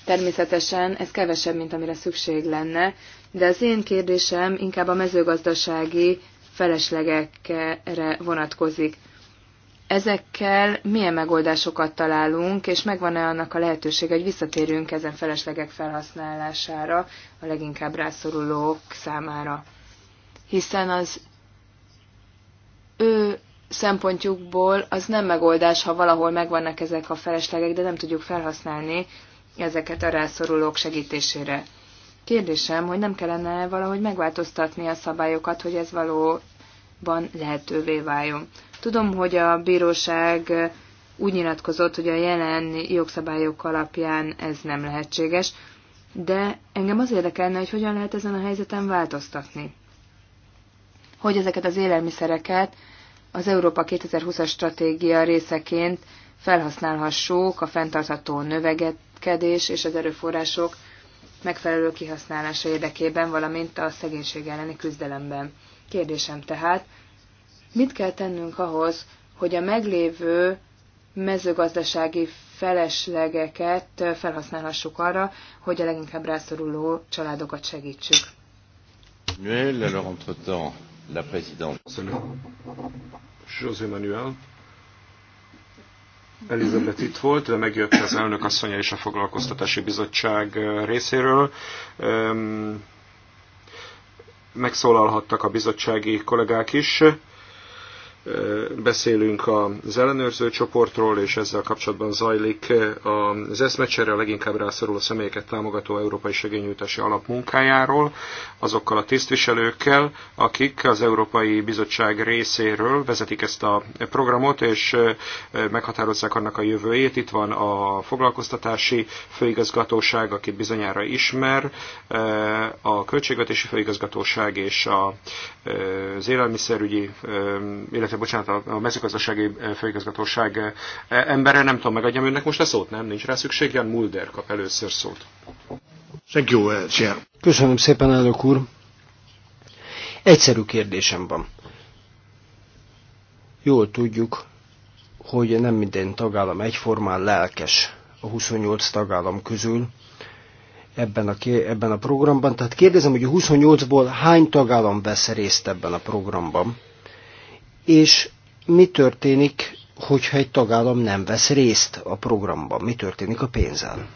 Természetesen ez kevesebb, mint amire szükség lenne, de az én kérdésem inkább a mezőgazdasági feleslegekre vonatkozik. Ezekkel milyen megoldásokat találunk, és megvan-e annak a lehetőség, hogy visszatérjünk ezen feleslegek felhasználására a leginkább rászorulók számára? Hiszen az szempontjukból az nem megoldás, ha valahol megvannak ezek a feleslegek, de nem tudjuk felhasználni ezeket a rászorulók segítésére. Kérdésem, hogy nem kellene valahogy megváltoztatni a szabályokat, hogy ez valóban lehetővé váljon. Tudom, hogy a bíróság úgy nyilatkozott, hogy a jelen jogszabályok alapján ez nem lehetséges, de engem az érdekelne, hogy hogyan lehet ezen a helyzeten változtatni. Hogy ezeket az élelmiszereket az Európa 2020-as stratégia részeként felhasználhassuk a fenntartható növekedés és az erőforrások megfelelő kihasználása érdekében, valamint a szegénység elleni küzdelemben. Kérdésem tehát, mit kell tennünk ahhoz, hogy a meglévő mezőgazdasági feleslegeket felhasználhassuk arra, hogy a leginkább rászoruló családokat segítsük? alors entre-temps, la présidente. José Manuel. Elizabeth itt volt, de megjött az elnök asszonya és a foglalkoztatási bizottság részéről. Megszólalhattak a bizottsági kollégák is beszélünk az ellenőrző csoportról, és ezzel kapcsolatban zajlik az eszmecsere, leginkább rászorul a személyeket támogató Európai Segényújtási Alap munkájáról, azokkal a tisztviselőkkel, akik az Európai Bizottság részéről vezetik ezt a programot, és meghatározzák annak a jövőjét. Itt van a foglalkoztatási főigazgatóság, akit bizonyára ismer, a költségvetési főigazgatóság és az élelmiszerügyi, illetve bocsánat, a mezőgazdasági főigazgatóság embere, nem tudom, megadjam önnek most a szót, nem? Nincs rá szükség, Jan Mulder kap először szót. Uh, Köszönöm szépen, elnök úr. Egyszerű kérdésem van. Jól tudjuk, hogy nem minden tagállam egyformán lelkes a 28 tagállam közül ebben a, ebben a programban. Tehát kérdezem, hogy a 28-ból hány tagállam vesz részt ebben a programban? és mi történik, hogyha egy tagállam nem vesz részt a programban, mi történik a pénzen.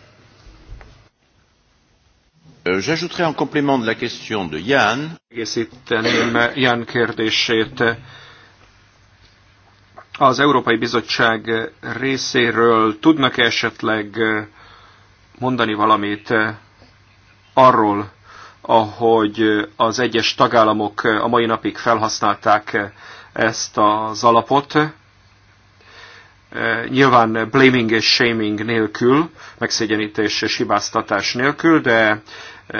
Euh, j'ajouterai en complément de la question de Yann. Egészíteném Jan kérdését. Az Európai Bizottság részéről tudnak esetleg mondani valamit arról, ahogy az egyes tagállamok a mai napig felhasználták ezt az alapot, e, nyilván blaming és shaming nélkül, megszégyenítés és hibáztatás nélkül, de e,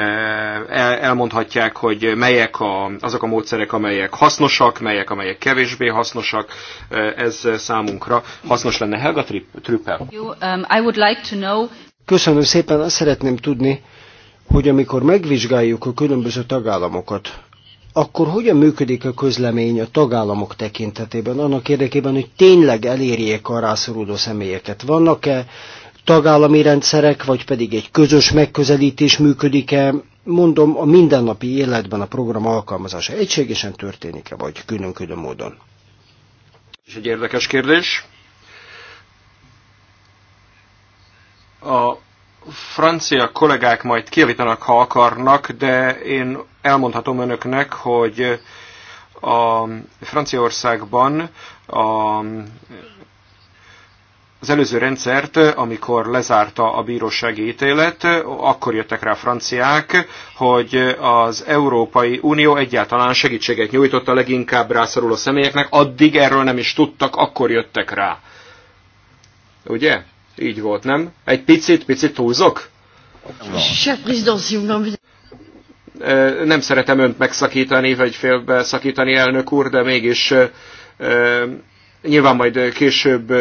elmondhatják, hogy melyek a, azok a módszerek, amelyek hasznosak, melyek, amelyek kevésbé hasznosak, e, ez számunkra hasznos lenne. Helga Trüppel. Um, Köszönöm szépen, azt szeretném tudni, hogy amikor megvizsgáljuk a különböző tagállamokat, akkor hogyan működik a közlemény a tagállamok tekintetében, annak érdekében, hogy tényleg elérjék a rászoruló személyeket? Vannak-e tagállami rendszerek, vagy pedig egy közös megközelítés működik-e, mondom, a mindennapi életben a program alkalmazása egységesen történik-e, vagy külön-külön módon? És egy érdekes kérdés. A francia kollégák majd kiavítanak, ha akarnak, de én elmondhatom önöknek, hogy a Franciaországban a, az előző rendszert, amikor lezárta a bírósági ítélet, akkor jöttek rá a franciák, hogy az Európai Unió egyáltalán segítséget nyújtott a leginkább rászoruló személyeknek, addig erről nem is tudtak, akkor jöttek rá. Ugye? Így volt, nem? Egy picit, picit túlzok? Nem szeretem önt megszakítani, vagy félbe szakítani, elnök úr, de mégis nyilván majd később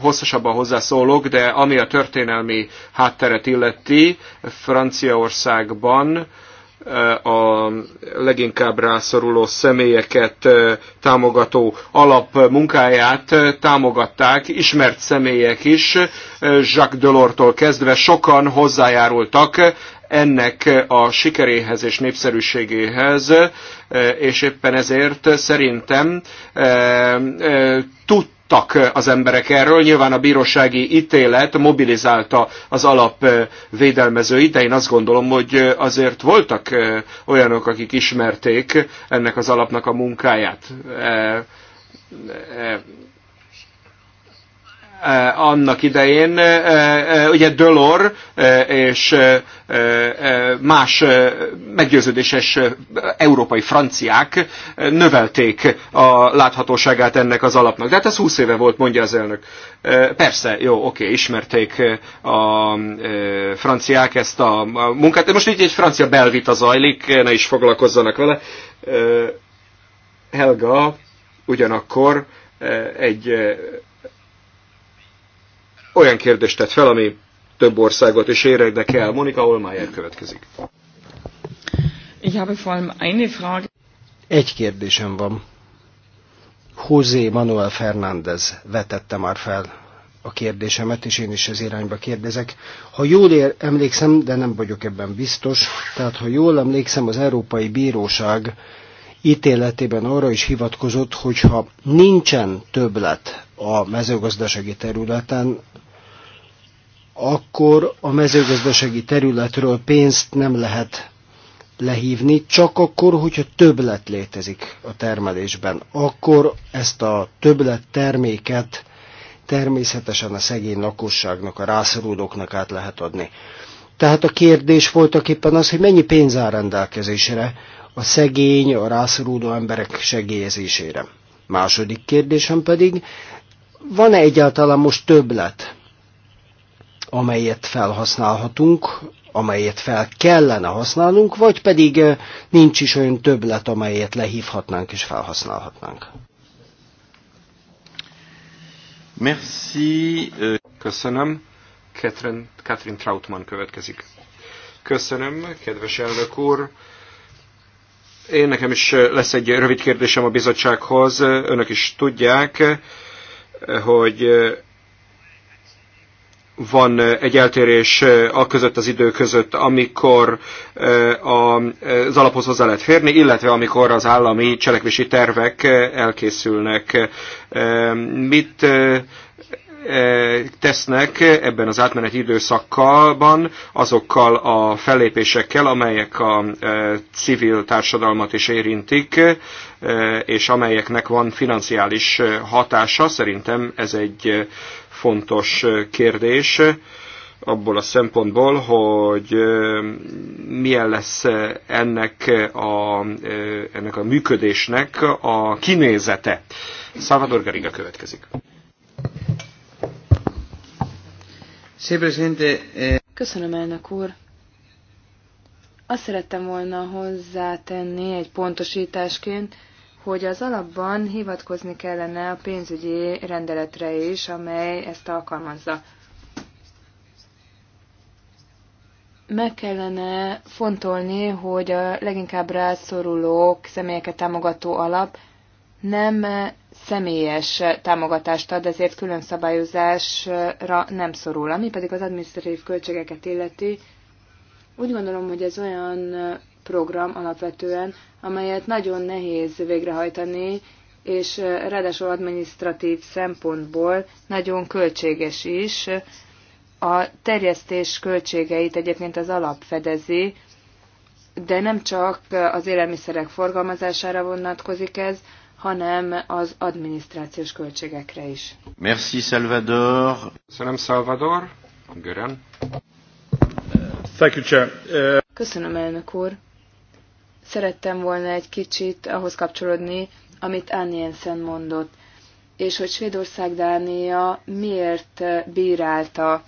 hosszasabban hozzászólok, de ami a történelmi hátteret illeti, Franciaországban Eh, a leginkább rászoruló személyeket eh, támogató alap munkáját eh, támogatták, ismert személyek is, Jacques Delortól kezdve sokan hozzájárultak ennek a sikeréhez és népszerűségéhez, e, és éppen ezért szerintem tud e, e, tudtak az emberek erről. Nyilván a bírósági ítélet mobilizálta az alap védelmezőit, de én azt gondolom, hogy azért voltak olyanok, akik ismerték ennek az alapnak a munkáját. Eh, annak idején, eh, eh, ugye Dölor és más meggyőződéses európai franciák növelték a láthatóságát ennek az alapnak. De hát ez 20 éve volt, mondja az elnök. Persze, jó, oké, ismerték a franciák ezt a munkát. De most így egy francia belvita zajlik, ne is foglalkozzanak vele. Helga ugyanakkor egy olyan kérdést tett fel, ami több országot is érdekel. Monika Olmájer következik. Ich habe vor allem eine Frage. Egy kérdésem van. José Manuel Fernández vetette már fel a kérdésemet, és én is az irányba kérdezek. Ha jól ér, emlékszem, de nem vagyok ebben biztos, tehát ha jól emlékszem, az Európai Bíróság ítéletében arra is hivatkozott, hogyha nincsen többlet a mezőgazdasági területen, akkor a mezőgazdasági területről pénzt nem lehet lehívni, csak akkor, hogyha többlet létezik a termelésben. Akkor ezt a többlet terméket természetesen a szegény lakosságnak, a rászorulóknak át lehet adni. Tehát a kérdés voltak éppen az, hogy mennyi pénz áll rendelkezésre a szegény, a rászoruló emberek segélyezésére. Második kérdésem pedig, van-e egyáltalán most többlet, amelyet felhasználhatunk, amelyet fel kellene használnunk, vagy pedig nincs is olyan többlet, amelyet lehívhatnánk és felhasználhatnánk? Merci. Köszönöm. Catherine, Catherine Trautmann következik. Köszönöm, kedves elnök úr. Én nekem is lesz egy rövid kérdésem a bizottsághoz. Önök is tudják, hogy van egy eltérés a között az idő között, amikor eh, az alaphoz hozzá lehet férni, illetve amikor az állami cselekvési tervek elkészülnek. Eh, mit eh, tesznek ebben az átmeneti időszakban azokkal a fellépésekkel, amelyek a e, civil társadalmat is érintik, e, és amelyeknek van financiális hatása. Szerintem ez egy fontos kérdés abból a szempontból, hogy e, milyen lesz ennek a, ennek a működésnek a kinézete. Salvador Geriga következik. Eh, Köszönöm, elnök úr. Azt szerettem volna hozzátenni egy pontosításként, hogy az alapban hivatkozni kellene a pénzügyi rendeletre is, amely ezt alkalmazza. Meg kellene fontolni, hogy a leginkább rászorulók személyeket támogató alap nem személyes támogatást ad, ezért külön szabályozásra nem szorul. Ami pedig az adminisztratív költségeket illeti, úgy gondolom, hogy ez olyan program alapvetően, amelyet nagyon nehéz végrehajtani, és ráadásul adminisztratív szempontból nagyon költséges is. A terjesztés költségeit egyébként az alap fedezi, de nem csak az élelmiszerek forgalmazására vonatkozik ez, hanem az adminisztrációs költségekre is. Merci, Salvador. salam Salvador. Gören. Thank you, Chair. Köszönöm, elnök úr. Szerettem volna egy kicsit ahhoz kapcsolódni, amit Ann Jensen mondott, és hogy Svédország Dánia miért bírálta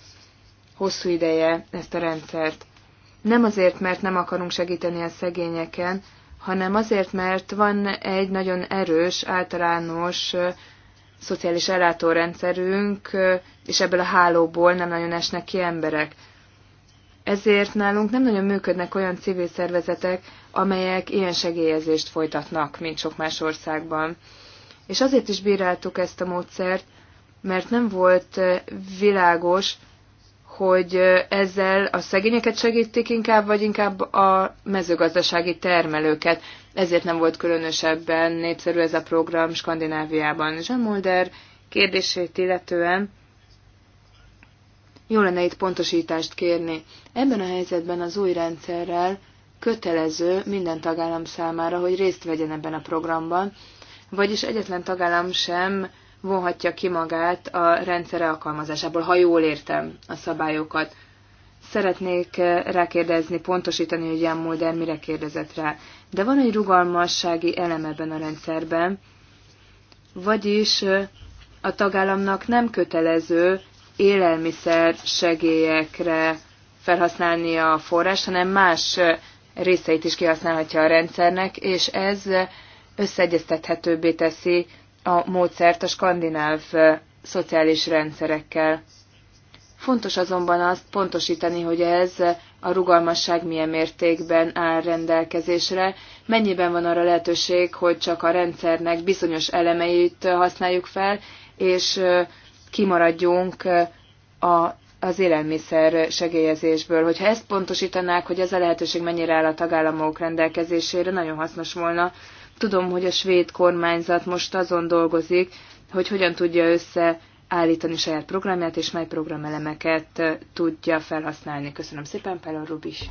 hosszú ideje ezt a rendszert. Nem azért, mert nem akarunk segíteni a szegényeken, hanem azért, mert van egy nagyon erős általános szociális ellátórendszerünk, és ebből a hálóból nem nagyon esnek ki emberek. Ezért nálunk nem nagyon működnek olyan civil szervezetek, amelyek ilyen segélyezést folytatnak, mint sok más országban. És azért is bíráltuk ezt a módszert, mert nem volt világos, hogy ezzel a szegényeket segítik inkább, vagy inkább a mezőgazdasági termelőket. Ezért nem volt különösebben népszerű ez a program Skandináviában. Zsemolder kérdését illetően jó lenne itt pontosítást kérni. Ebben a helyzetben az új rendszerrel kötelező minden tagállam számára, hogy részt vegyen ebben a programban, vagyis egyetlen tagállam sem vonhatja ki magát a rendszer alkalmazásából, ha jól értem a szabályokat. Szeretnék eh, rákérdezni, pontosítani, hogy Jan Mulder mire kérdezett rá. De van egy rugalmassági elem ebben a rendszerben, vagyis eh, a tagállamnak nem kötelező élelmiszer segélyekre felhasználni a forrás, hanem más eh, részeit is kihasználhatja a rendszernek, és ez összeegyeztethetőbbé teszi a módszert a skandináv szociális rendszerekkel. Fontos azonban azt pontosítani, hogy ez a rugalmasság milyen mértékben áll rendelkezésre, mennyiben van arra lehetőség, hogy csak a rendszernek bizonyos elemeit használjuk fel, és kimaradjunk a, az élelmiszer segélyezésből. Hogyha ezt pontosítanák, hogy ez a lehetőség mennyire áll a tagállamok rendelkezésére, nagyon hasznos volna Tudom, hogy a svéd kormányzat most azon dolgozik, hogy hogyan tudja összeállítani saját programját, és mely programelemeket tudja felhasználni. Köszönöm szépen, Pálon Rubis.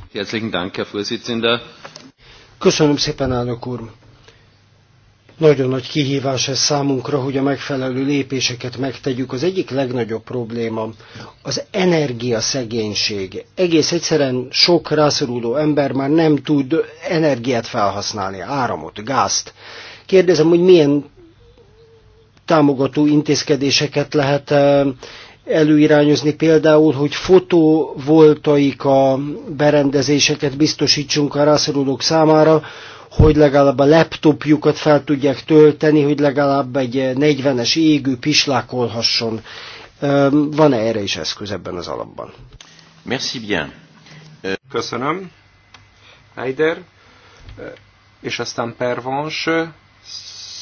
Köszönöm szépen, elnök úr. Nagyon nagy kihívás ez számunkra, hogy a megfelelő lépéseket megtegyük. Az egyik legnagyobb probléma az energiaszegénység. Egész egyszerűen sok rászoruló ember már nem tud energiát felhasználni, áramot, gázt. Kérdezem, hogy milyen támogató intézkedéseket lehet előirányozni, például, hogy fotovoltaika berendezéseket biztosítsunk a rászorulók számára, hogy legalább a laptopjukat fel tudják tölteni, hogy legalább egy 40-es eh, égő pislákolhasson. Van-e erre is eszköz ebben az alapban? Merci bien. Köszönöm. Heider. Eh, és aztán Pervans. Eh,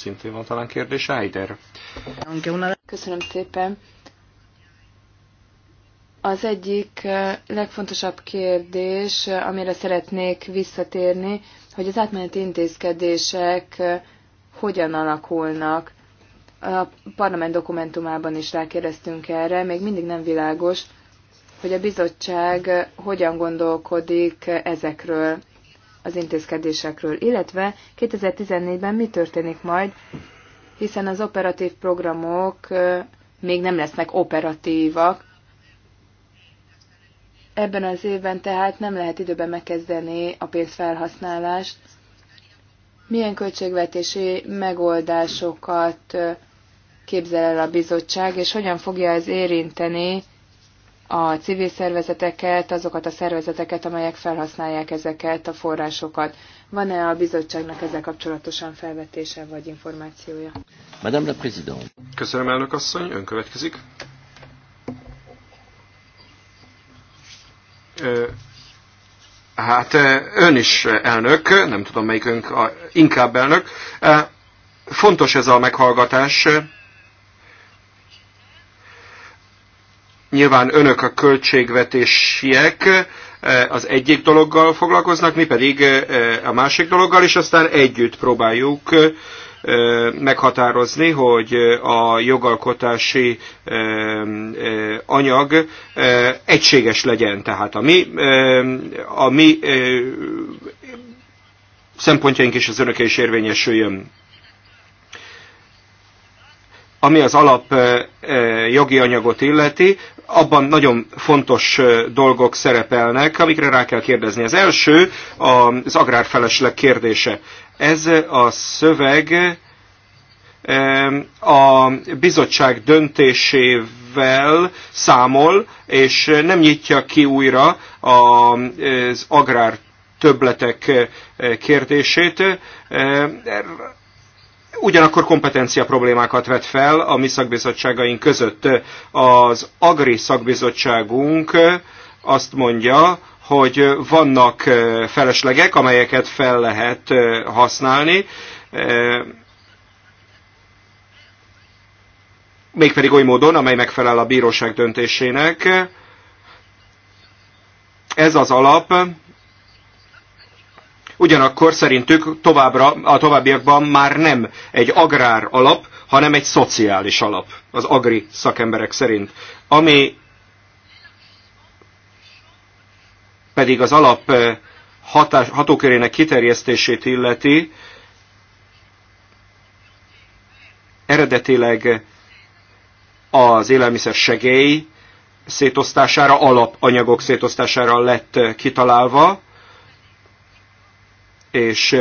szintén van talán kérdés, Heider. Köszönöm szépen. Az egyik legfontosabb kérdés, amire szeretnék visszatérni, hogy az átmeneti intézkedések hogyan alakulnak. A parlament dokumentumában is rákérdeztünk erre, még mindig nem világos, hogy a bizottság hogyan gondolkodik ezekről az intézkedésekről, illetve 2014-ben mi történik majd, hiszen az operatív programok még nem lesznek operatívak, Ebben az évben tehát nem lehet időben megkezdeni a pénzfelhasználást. Milyen költségvetési megoldásokat képzel el a bizottság, és hogyan fogja ez érinteni a civil szervezeteket, azokat a szervezeteket, amelyek felhasználják ezeket a forrásokat. Van-e a bizottságnak ezzel kapcsolatosan felvetése vagy információja? Madame la Présidente. Köszönöm, elnök asszony, ön következik. Hát ön is elnök, nem tudom melyik önk a, inkább elnök. Fontos ez a meghallgatás. Nyilván önök a költségvetésiek az egyik dologgal foglalkoznak, mi pedig a másik dologgal, és aztán együtt próbáljuk meghatározni, hogy a jogalkotási anyag egységes legyen. Tehát a mi, a mi szempontjaink is az önöké is érvényesüljön ami az alap jogi anyagot illeti, abban nagyon fontos dolgok szerepelnek, amikre rá kell kérdezni. Az első az agrárfelesleg kérdése. Ez a szöveg a bizottság döntésével számol, és nem nyitja ki újra az agrár többletek eh, kérdését. Ugyanakkor kompetencia problémákat vet fel a mi szakbizottságaink között. Az Agri szakbizottságunk azt mondja, hogy vannak feleslegek, amelyeket fel lehet használni, mégpedig oly módon, amely megfelel a bíróság döntésének. Ez az alap, ugyanakkor szerintük továbbra, a továbbiakban már nem egy agrár alap, hanem egy szociális alap, az agri szakemberek szerint. Ami pedig az alap hatás, hatókörének kiterjesztését illeti, eredetileg az élelmiszer segély szétosztására, alapanyagok szétosztására lett kitalálva, és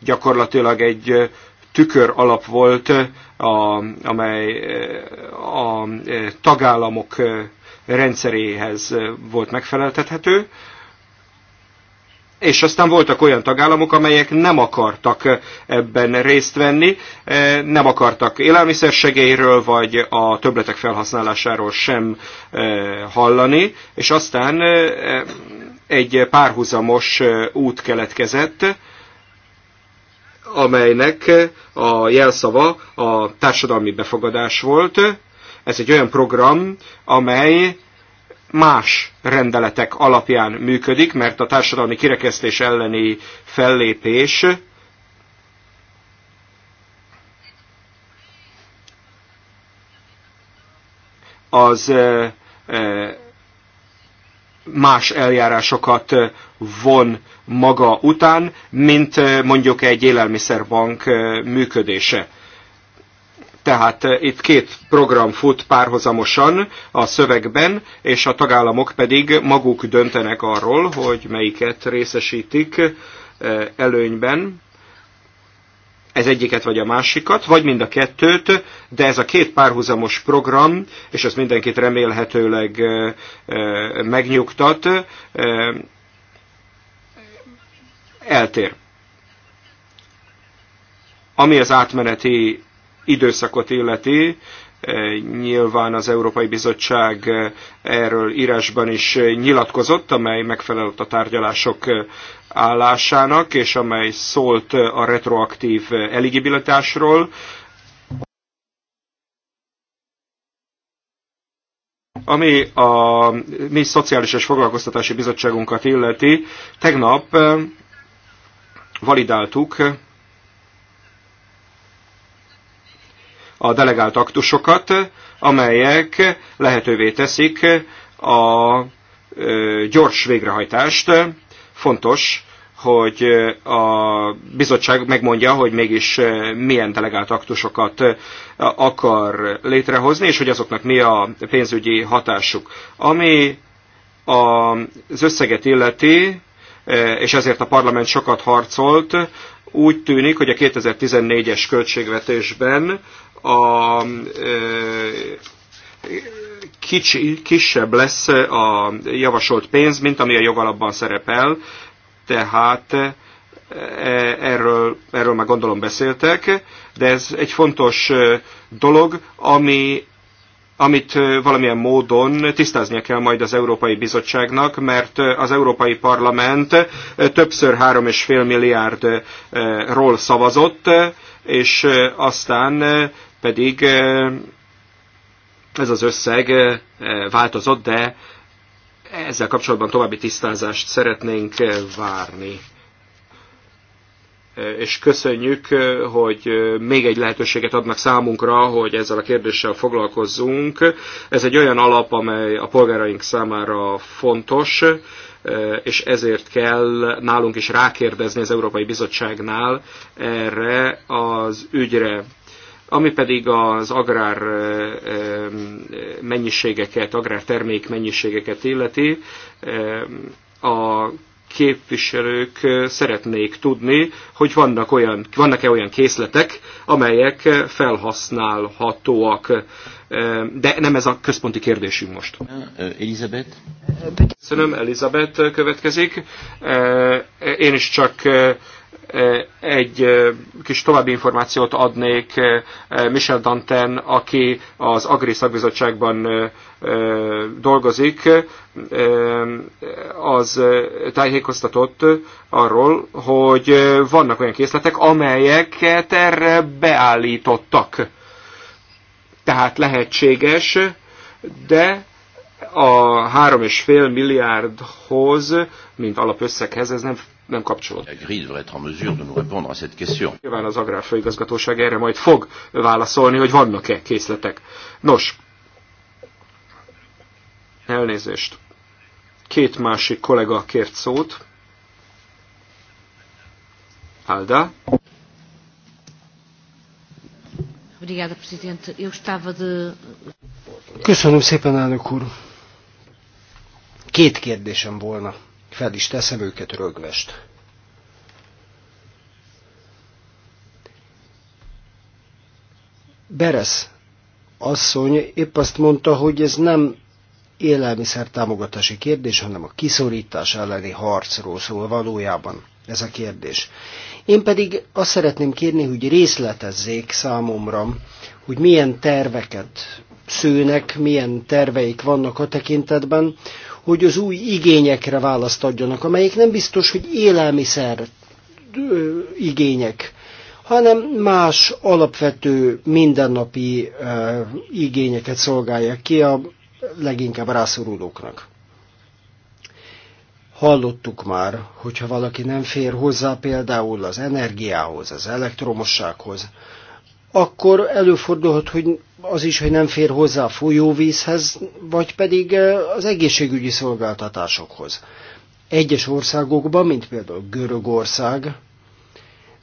gyakorlatilag egy tükör alap volt, a, amely a tagállamok rendszeréhez volt megfeleltethető és aztán voltak olyan tagállamok, amelyek nem akartak ebben részt venni, e, nem akartak élelmiszersegélyről, vagy a töbletek felhasználásáról sem e, hallani, és aztán e, egy párhuzamos út keletkezett, amelynek a jelszava a társadalmi befogadás volt. Ez egy olyan program, amely más rendeletek alapján működik, mert a társadalmi kirekesztés elleni fellépés az eh, eh, más eljárásokat von maga után, mint eh, mondjuk egy élelmiszerbank működése. Tehát eh, itt két program fut párhuzamosan a szövegben, és a tagállamok pedig maguk döntenek arról, hogy melyiket részesítik eh, előnyben, ez egyiket vagy a másikat, vagy mind a kettőt, de ez a két párhuzamos program, és ez mindenkit remélhetőleg eh, megnyugtat, eltér. Ami az átmeneti időszakot illeti, e, nyilván az Európai Bizottság e, erről írásban is nyilatkozott, amely megfelelt a tárgyalások e, állásának, és amely szólt a retroaktív eligibilitásról. Ami a mi Szociális és Foglalkoztatási Bizottságunkat illeti, tegnap validáltuk a delegált aktusokat, amelyek lehetővé teszik a gyors végrehajtást. Fontos, hogy a bizottság megmondja, hogy mégis milyen delegált aktusokat akar létrehozni, és hogy azoknak mi a pénzügyi hatásuk. Ami az összeget illeti, és ezért a parlament sokat harcolt, úgy tűnik, hogy a 2014-es költségvetésben a kicsi, kisebb lesz a javasolt pénz, mint ami a jogalapban szerepel, tehát erről, erről már gondolom beszéltek, de ez egy fontos dolog, ami, amit valamilyen módon tisztáznia kell majd az Európai Bizottságnak, mert az Európai Parlament többször 3,5 milliárdról szavazott, és aztán pedig eh, ez az összeg eh, változott, de ezzel kapcsolatban további tisztázást szeretnénk eh, várni. És köszönjük, hogy még egy lehetőséget adnak számunkra, hogy ezzel a kérdéssel foglalkozzunk. Ez egy olyan alap, amely a polgáraink számára fontos, és ezért kell nálunk is rákérdezni az Európai Bizottságnál erre az ügyre. Ami pedig az agrár mennyiségeket, agrártermék mennyiségeket illeti, a képviselők szeretnék tudni, hogy vannak olyan, vannak-e olyan készletek, amelyek felhasználhatóak. De nem ez a központi kérdésünk most. Elizabeth? Köszönöm, Elizabeth következik. Én is csak Eh, egy eh, kis további információt adnék eh, Michel Danten, aki az Agri szakbizottságban dolgozik, az tájékoztatott arról, hogy vannak olyan készletek, amelyeket erre beállítottak. Tehát lehetséges, de a 3,5 milliárdhoz, mint alapösszeghez, ez nem nem kapcsolódik. Nyilván az agrárfőigazgatóság erre majd fog válaszolni, hogy vannak-e készletek. Nos, elnézést. Két másik kollega kért szót. Alda. Köszönöm szépen, elnök úr. Két kérdésem volna fel is teszem őket rögvest. Beresz asszony épp azt mondta, hogy ez nem élelmiszer támogatási kérdés, hanem a kiszorítás elleni harcról szól valójában ez a kérdés. Én pedig azt szeretném kérni, hogy részletezzék számomra, hogy milyen terveket szőnek, milyen terveik vannak a tekintetben, hogy az új igényekre választ adjanak, amelyek nem biztos, hogy élelmiszer igények, hanem más alapvető mindennapi igényeket szolgálják ki a leginkább rászorulóknak. Hallottuk már, hogyha valaki nem fér hozzá például az energiához, az elektromossághoz, akkor előfordulhat, hogy az is, hogy nem fér hozzá a folyóvízhez, vagy pedig az egészségügyi szolgáltatásokhoz. Egyes országokban, mint például Görögország,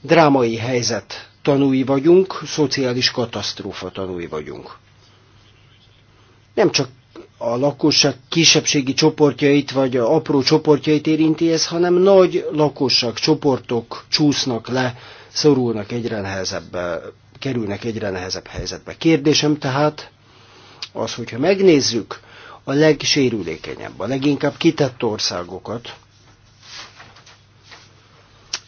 drámai helyzet tanúi vagyunk, szociális katasztrófa tanúi vagyunk. Nem csak a lakosság kisebbségi csoportjait vagy a apró csoportjait érinti ez, hanem nagy lakosság csoportok csúsznak le, szorulnak egyre nehezebb kerülnek egyre nehezebb helyzetbe. Kérdésem tehát az, hogyha megnézzük a legsérülékenyebb, a leginkább kitett országokat,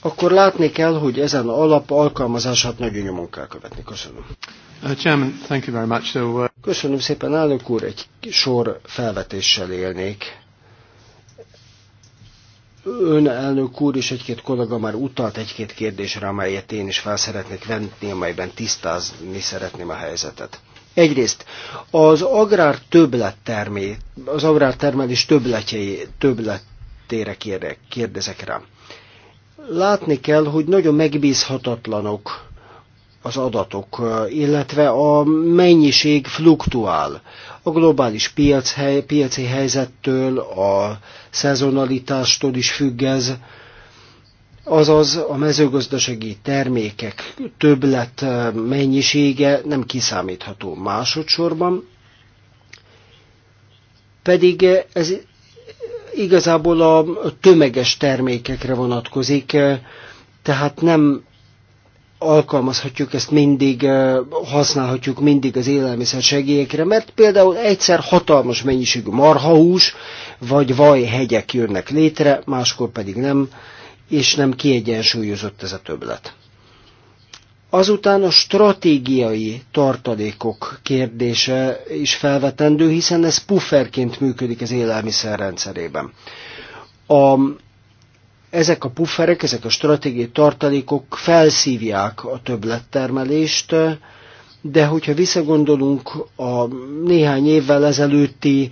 akkor látni kell, hogy ezen alap alkalmazását nagyon nyomon kell követni. Köszönöm. Uh, uh, Köszönöm szépen, elnök úr, egy sor felvetéssel élnék ön elnök úr és egy-két kollega már utalt egy-két kérdésre, amelyet én is fel szeretnék venni, amelyben tisztázni szeretném a helyzetet. Egyrészt az agrár többlet termé, az agrár termelés többletjei, többletére kérdezek rá. Látni kell, hogy nagyon megbízhatatlanok az adatok, illetve a mennyiség fluktuál. A globális piac, piaci helyzettől, a szezonalitástól is függ ez, azaz a mezőgazdasági termékek többlet eh, mennyisége nem kiszámítható másodszorban, pedig eh, ez igazából a tömeges termékekre vonatkozik, eh, tehát nem alkalmazhatjuk ezt mindig, eh, használhatjuk mindig az élelmiszer segélyekre, mert például egyszer hatalmas mennyiségű marhahús vagy vajhegyek jönnek létre, máskor pedig nem, és nem kiegyensúlyozott ez a többlet. Azután a stratégiai tartalékok kérdése is felvetendő, hiszen ez pufferként működik az élelmiszer rendszerében. A ezek a pufferek, ezek a stratégiai tartalékok felszívják a többlettermelést, de hogyha visszagondolunk a néhány évvel ezelőtti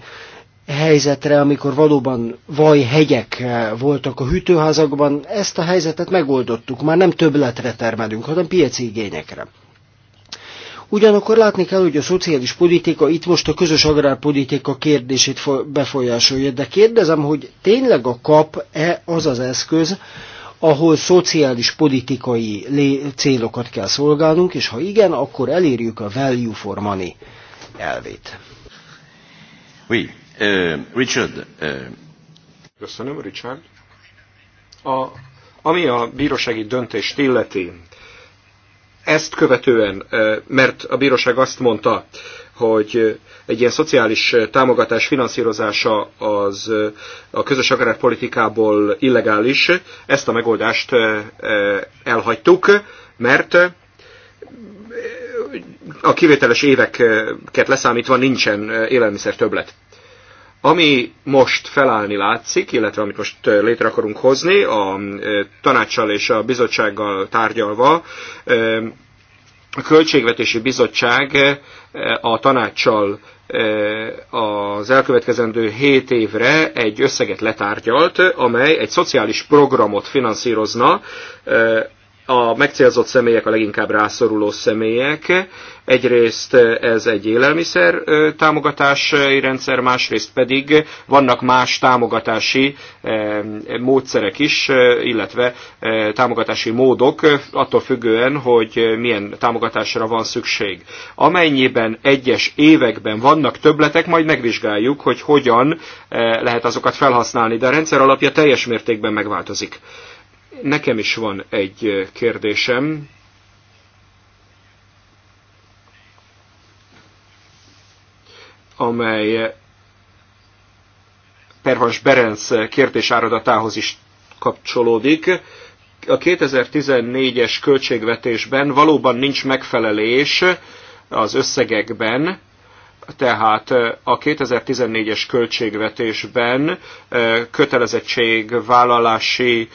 helyzetre, amikor valóban vajhegyek voltak a hűtőházakban, ezt a helyzetet megoldottuk, már nem többletre termelünk, hanem piaci igényekre. Ugyanakkor látni kell, hogy a szociális politika itt most a közös agrárpolitika kérdését befolyásolja, de kérdezem, hogy tényleg a kap-e az az eszköz, ahol szociális politikai célokat kell szolgálnunk, és ha igen, akkor elérjük a value for money elvét. Oui, uh, Richard. Uh... Köszönöm, Richard. A, ami a bírósági döntést illeti, ezt követően, mert a bíróság azt mondta, hogy egy ilyen szociális támogatás finanszírozása az a közös agrárpolitikából illegális. Ezt a megoldást elhagytuk, mert a kivételes éveket leszámítva nincsen élelmiszer többlet. Ami most felállni látszik, illetve amit most létre akarunk hozni, a tanácssal és a bizottsággal tárgyalva, a Költségvetési Bizottság a tanácssal az elkövetkezendő 7 évre egy összeget letárgyalt, amely egy szociális programot finanszírozna a megcélzott személyek a leginkább rászoruló személyek. Egyrészt ez egy élelmiszer támogatási rendszer, másrészt pedig vannak más támogatási módszerek is, illetve támogatási módok, attól függően, hogy milyen támogatásra van szükség. Amennyiben egyes években vannak töbletek, majd megvizsgáljuk, hogy hogyan lehet azokat felhasználni, de a rendszer alapja teljes mértékben megváltozik. Nekem is van egy kérdésem. amely Perhas Berenc kérdésáradatához is kapcsolódik. A 2014-es költségvetésben valóban nincs megfelelés az összegekben, tehát a 2014-es költségvetésben kötelezettségvállalási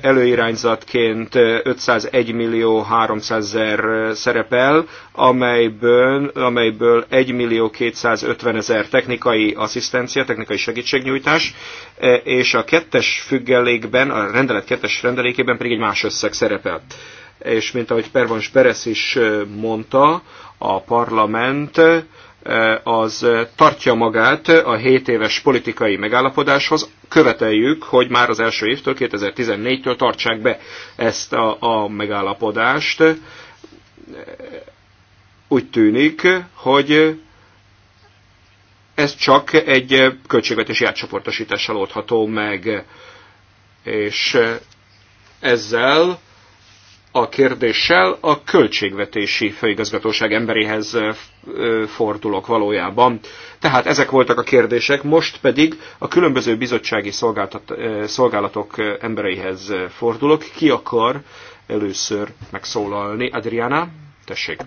előirányzatként 501 millió 300 ezer szerepel, amelyből, amelyből 1 millió 250 ezer technikai asszisztencia, technikai segítségnyújtás, és a kettes függelékben, a rendelet kettes rendelékében pedig egy más összeg szerepel. És mint ahogy Pervans Peres is mondta, a parlament az tartja magát a 7 éves politikai megállapodáshoz. Követeljük, hogy már az első évtől, 2014-től tartsák be ezt a, a megállapodást. Úgy tűnik, hogy ez csak egy költségvetési átcsoportosítással oldható meg, és ezzel a kérdéssel a költségvetési főigazgatóság emberéhez fordulok valójában. Tehát ezek voltak a kérdések, most pedig a különböző bizottsági szolgálatok embereihez fordulok. Ki akar először megszólalni? Adriana, tessék.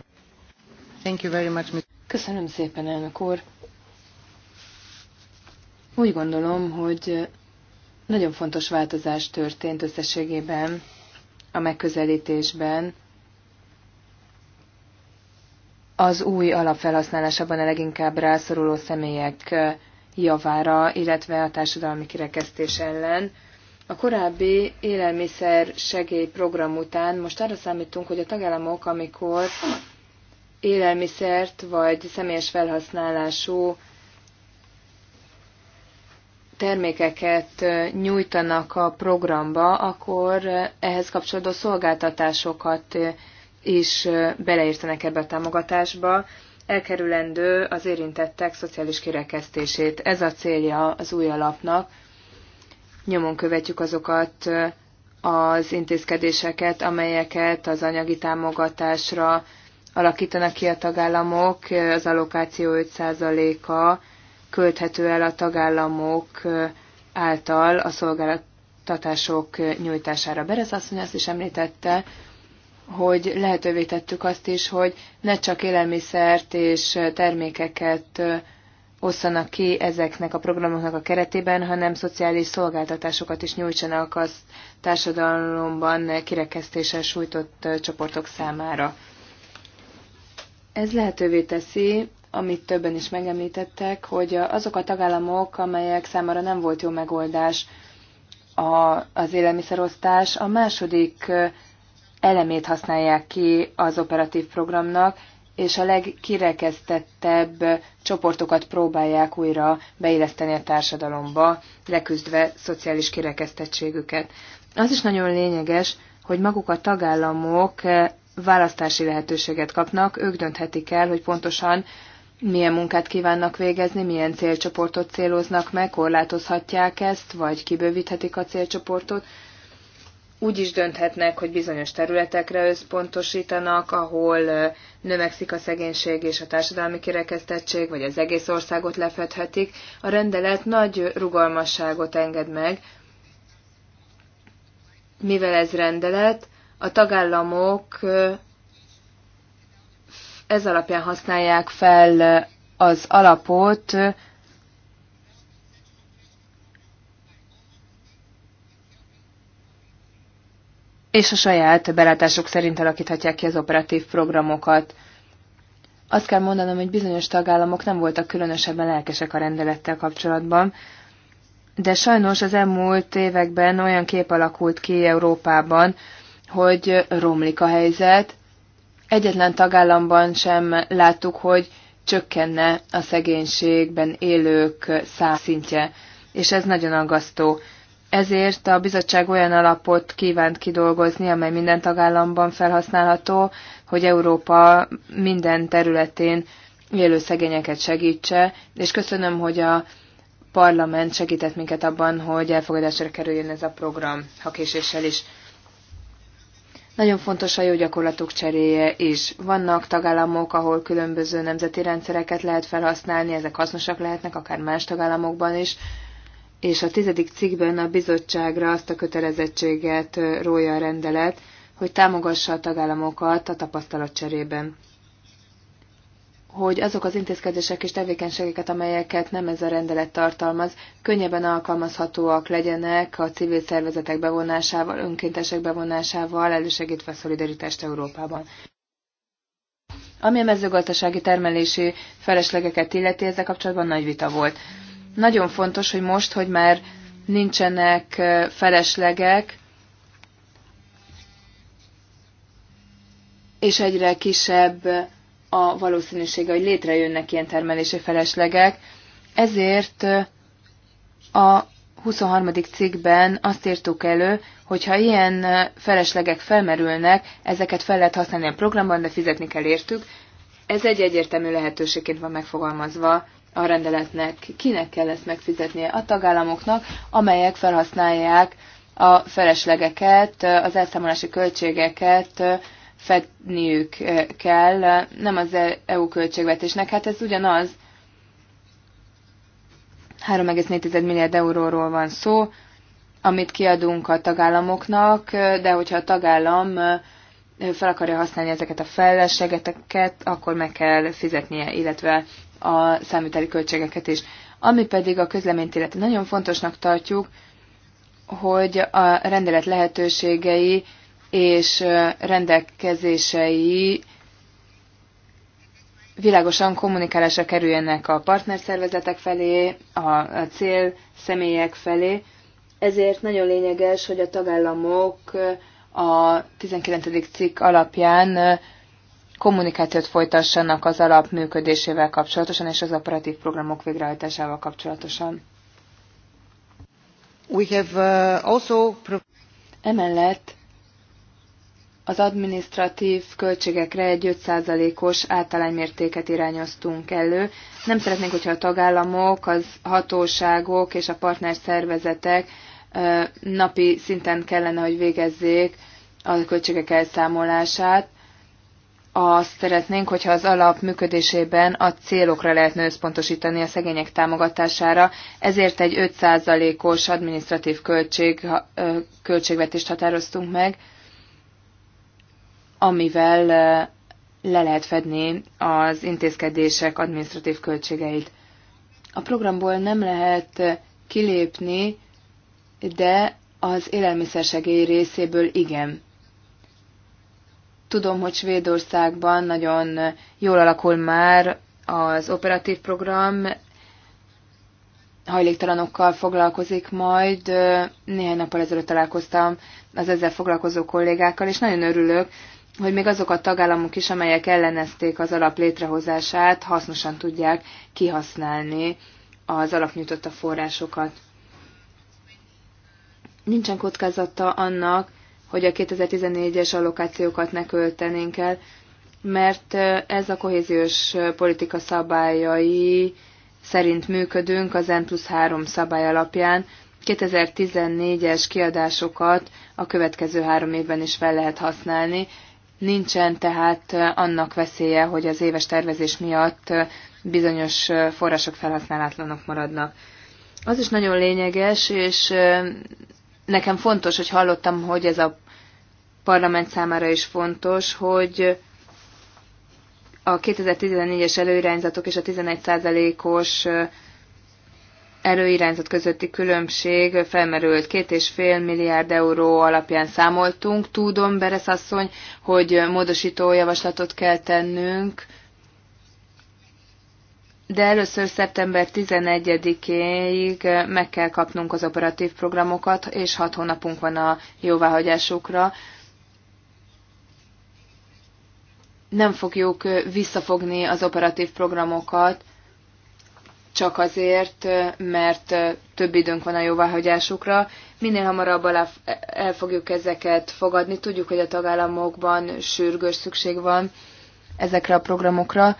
Thank you very much. Köszönöm szépen, elnök úr. Úgy gondolom, hogy nagyon fontos változás történt összességében a megközelítésben az új alapfelhasználásában a leginkább rászoruló személyek javára, illetve a társadalmi kirekesztés ellen. A korábbi élelmiszer segélyprogram után most arra számítunk, hogy a tagállamok, amikor élelmiszert vagy személyes felhasználású termékeket nyújtanak a programba, akkor ehhez kapcsolódó szolgáltatásokat is beleértenek ebbe a támogatásba, elkerülendő az érintettek szociális kirekesztését. Ez a célja az új alapnak. Nyomon követjük azokat az intézkedéseket, amelyeket az anyagi támogatásra alakítanak ki a tagállamok. Az allokáció 5%-a költhető el a tagállamok által a szolgáltatások nyújtására. Berez asszony azt is említette, hogy lehetővé tettük azt is, hogy ne csak élelmiszert és termékeket osszanak ki ezeknek a programoknak a keretében, hanem szociális szolgáltatásokat is nyújtsanak az társadalomban kirekesztéssel sújtott csoportok számára. Ez lehetővé teszi, amit többen is megemlítettek, hogy azok a tagállamok, amelyek számára nem volt jó megoldás a, az élelmiszerosztás, a második elemét használják ki az operatív programnak, és a legkirekesztettebb csoportokat próbálják újra beilleszteni a társadalomba, leküzdve szociális kirekesztettségüket. Az is nagyon lényeges, hogy maguk a tagállamok választási lehetőséget kapnak, ők dönthetik el, hogy pontosan milyen munkát kívánnak végezni, milyen célcsoportot céloznak meg, korlátozhatják ezt, vagy kibővíthetik a célcsoportot. Úgy is dönthetnek, hogy bizonyos területekre összpontosítanak, ahol növekszik a szegénység és a társadalmi kirekesztettség, vagy az egész országot lefedhetik. A rendelet nagy rugalmasságot enged meg, mivel ez rendelet, a tagállamok ez alapján használják fel az alapot, és a saját belátásuk szerint alakíthatják ki az operatív programokat. Azt kell mondanom, hogy bizonyos tagállamok nem voltak különösebben lelkesek a rendelettel kapcsolatban, de sajnos az elmúlt években olyan kép alakult ki Európában, hogy romlik a helyzet, Egyetlen tagállamban sem láttuk, hogy csökkenne a szegénységben élők százszintje, és ez nagyon aggasztó. Ezért a bizottság olyan alapot kívánt kidolgozni, amely minden tagállamban felhasználható, hogy Európa minden területén élő szegényeket segítse, és köszönöm, hogy a parlament segített minket abban, hogy elfogadásra kerüljön ez a program, ha késéssel is. Nagyon fontos a jó gyakorlatok cseréje is. Vannak tagállamok, ahol különböző nemzeti rendszereket lehet felhasználni, ezek hasznosak lehetnek, akár más tagállamokban is, és a tizedik cikkben a bizottságra azt a kötelezettséget rója a rendelet, hogy támogassa a tagállamokat a tapasztalat cserében hogy azok az intézkedések és tevékenységeket, amelyeket nem ez a rendelet tartalmaz, könnyebben alkalmazhatóak legyenek a civil szervezetek bevonásával, önkéntesek bevonásával, elősegítve a szolidaritást Európában. Ami a mezőgazdasági termelési feleslegeket illeti, ezzel kapcsolatban nagy vita volt. Nagyon fontos, hogy most, hogy már nincsenek feleslegek, és egyre kisebb a valószínűsége, hogy létrejönnek ilyen termelési feleslegek. Ezért a 23. cikkben azt írtuk elő, hogy ha ilyen feleslegek felmerülnek, ezeket fel lehet használni a programban, de fizetni kell értük. Ez egy egyértelmű lehetőségként van megfogalmazva a rendeletnek. Kinek kell ezt megfizetnie? A tagállamoknak, amelyek felhasználják a feleslegeket, az elszámolási költségeket fedniük eh, kell, eh, nem az EU e költségvetésnek. Hát ez ugyanaz. 3,4 milliárd euróról van szó, amit kiadunk a tagállamoknak, eh, de hogyha a tagállam fel akarja használni ezeket a feleslegeteket, akkor meg kell fizetnie, illetve a számíteli költségeket is. Ami pedig a közleményt illeti, nagyon fontosnak tartjuk, hogy a rendelet lehetőségei és rendelkezései világosan kommunikálásra kerüljenek a partnerszervezetek felé, a cél személyek felé. Ezért nagyon lényeges, hogy a tagállamok a 19. cikk alapján kommunikációt folytassanak az alap működésével kapcsolatosan és az operatív programok végrehajtásával kapcsolatosan. We have also Emellett az adminisztratív költségekre egy 5%-os általánymértéket irányoztunk elő. Nem szeretnénk, hogyha a tagállamok, az hatóságok és a partnerszervezetek napi szinten kellene, hogy végezzék a költségek elszámolását. Azt szeretnénk, hogyha az alap működésében a célokra lehetne összpontosítani a szegények támogatására, ezért egy 5%-os adminisztratív költség, költségvetést határoztunk meg, amivel le lehet fedni az intézkedések administratív költségeit. A programból nem lehet kilépni, de az élelmiszersegély részéből igen. Tudom, hogy Svédországban nagyon jól alakul már az operatív program, hajléktalanokkal foglalkozik majd. Néhány nappal ezelőtt találkoztam az ezzel foglalkozó kollégákkal, és nagyon örülök, hogy még azok a tagállamok is, amelyek ellenezték az alap létrehozását, hasznosan tudják kihasználni az alapnyújtotta forrásokat. Nincsen kockázata annak, hogy a 2014-es allokációkat ne költenénk el, mert ez a kohéziós politika szabályai szerint működünk az N plusz 3 szabály alapján. 2014-es kiadásokat a következő három évben is fel lehet használni, Nincsen tehát annak veszélye, hogy az éves tervezés miatt bizonyos források felhasználatlanok maradnak. Az is nagyon lényeges, és nekem fontos, hogy hallottam, hogy ez a parlament számára is fontos, hogy a 2014-es előirányzatok és a 11%-os előirányzat közötti különbség felmerült. Két és fél milliárd euró alapján számoltunk. Tudom, Beresz asszony, hogy módosító javaslatot kell tennünk, de először szeptember 11-éig meg kell kapnunk az operatív programokat, és hat hónapunk van a jóváhagyásukra. Nem fogjuk visszafogni az operatív programokat, csak azért, mert több időnk van a jóváhagyásukra. Minél hamarabb el fogjuk ezeket fogadni. Tudjuk, hogy a tagállamokban sürgős szükség van ezekre a programokra.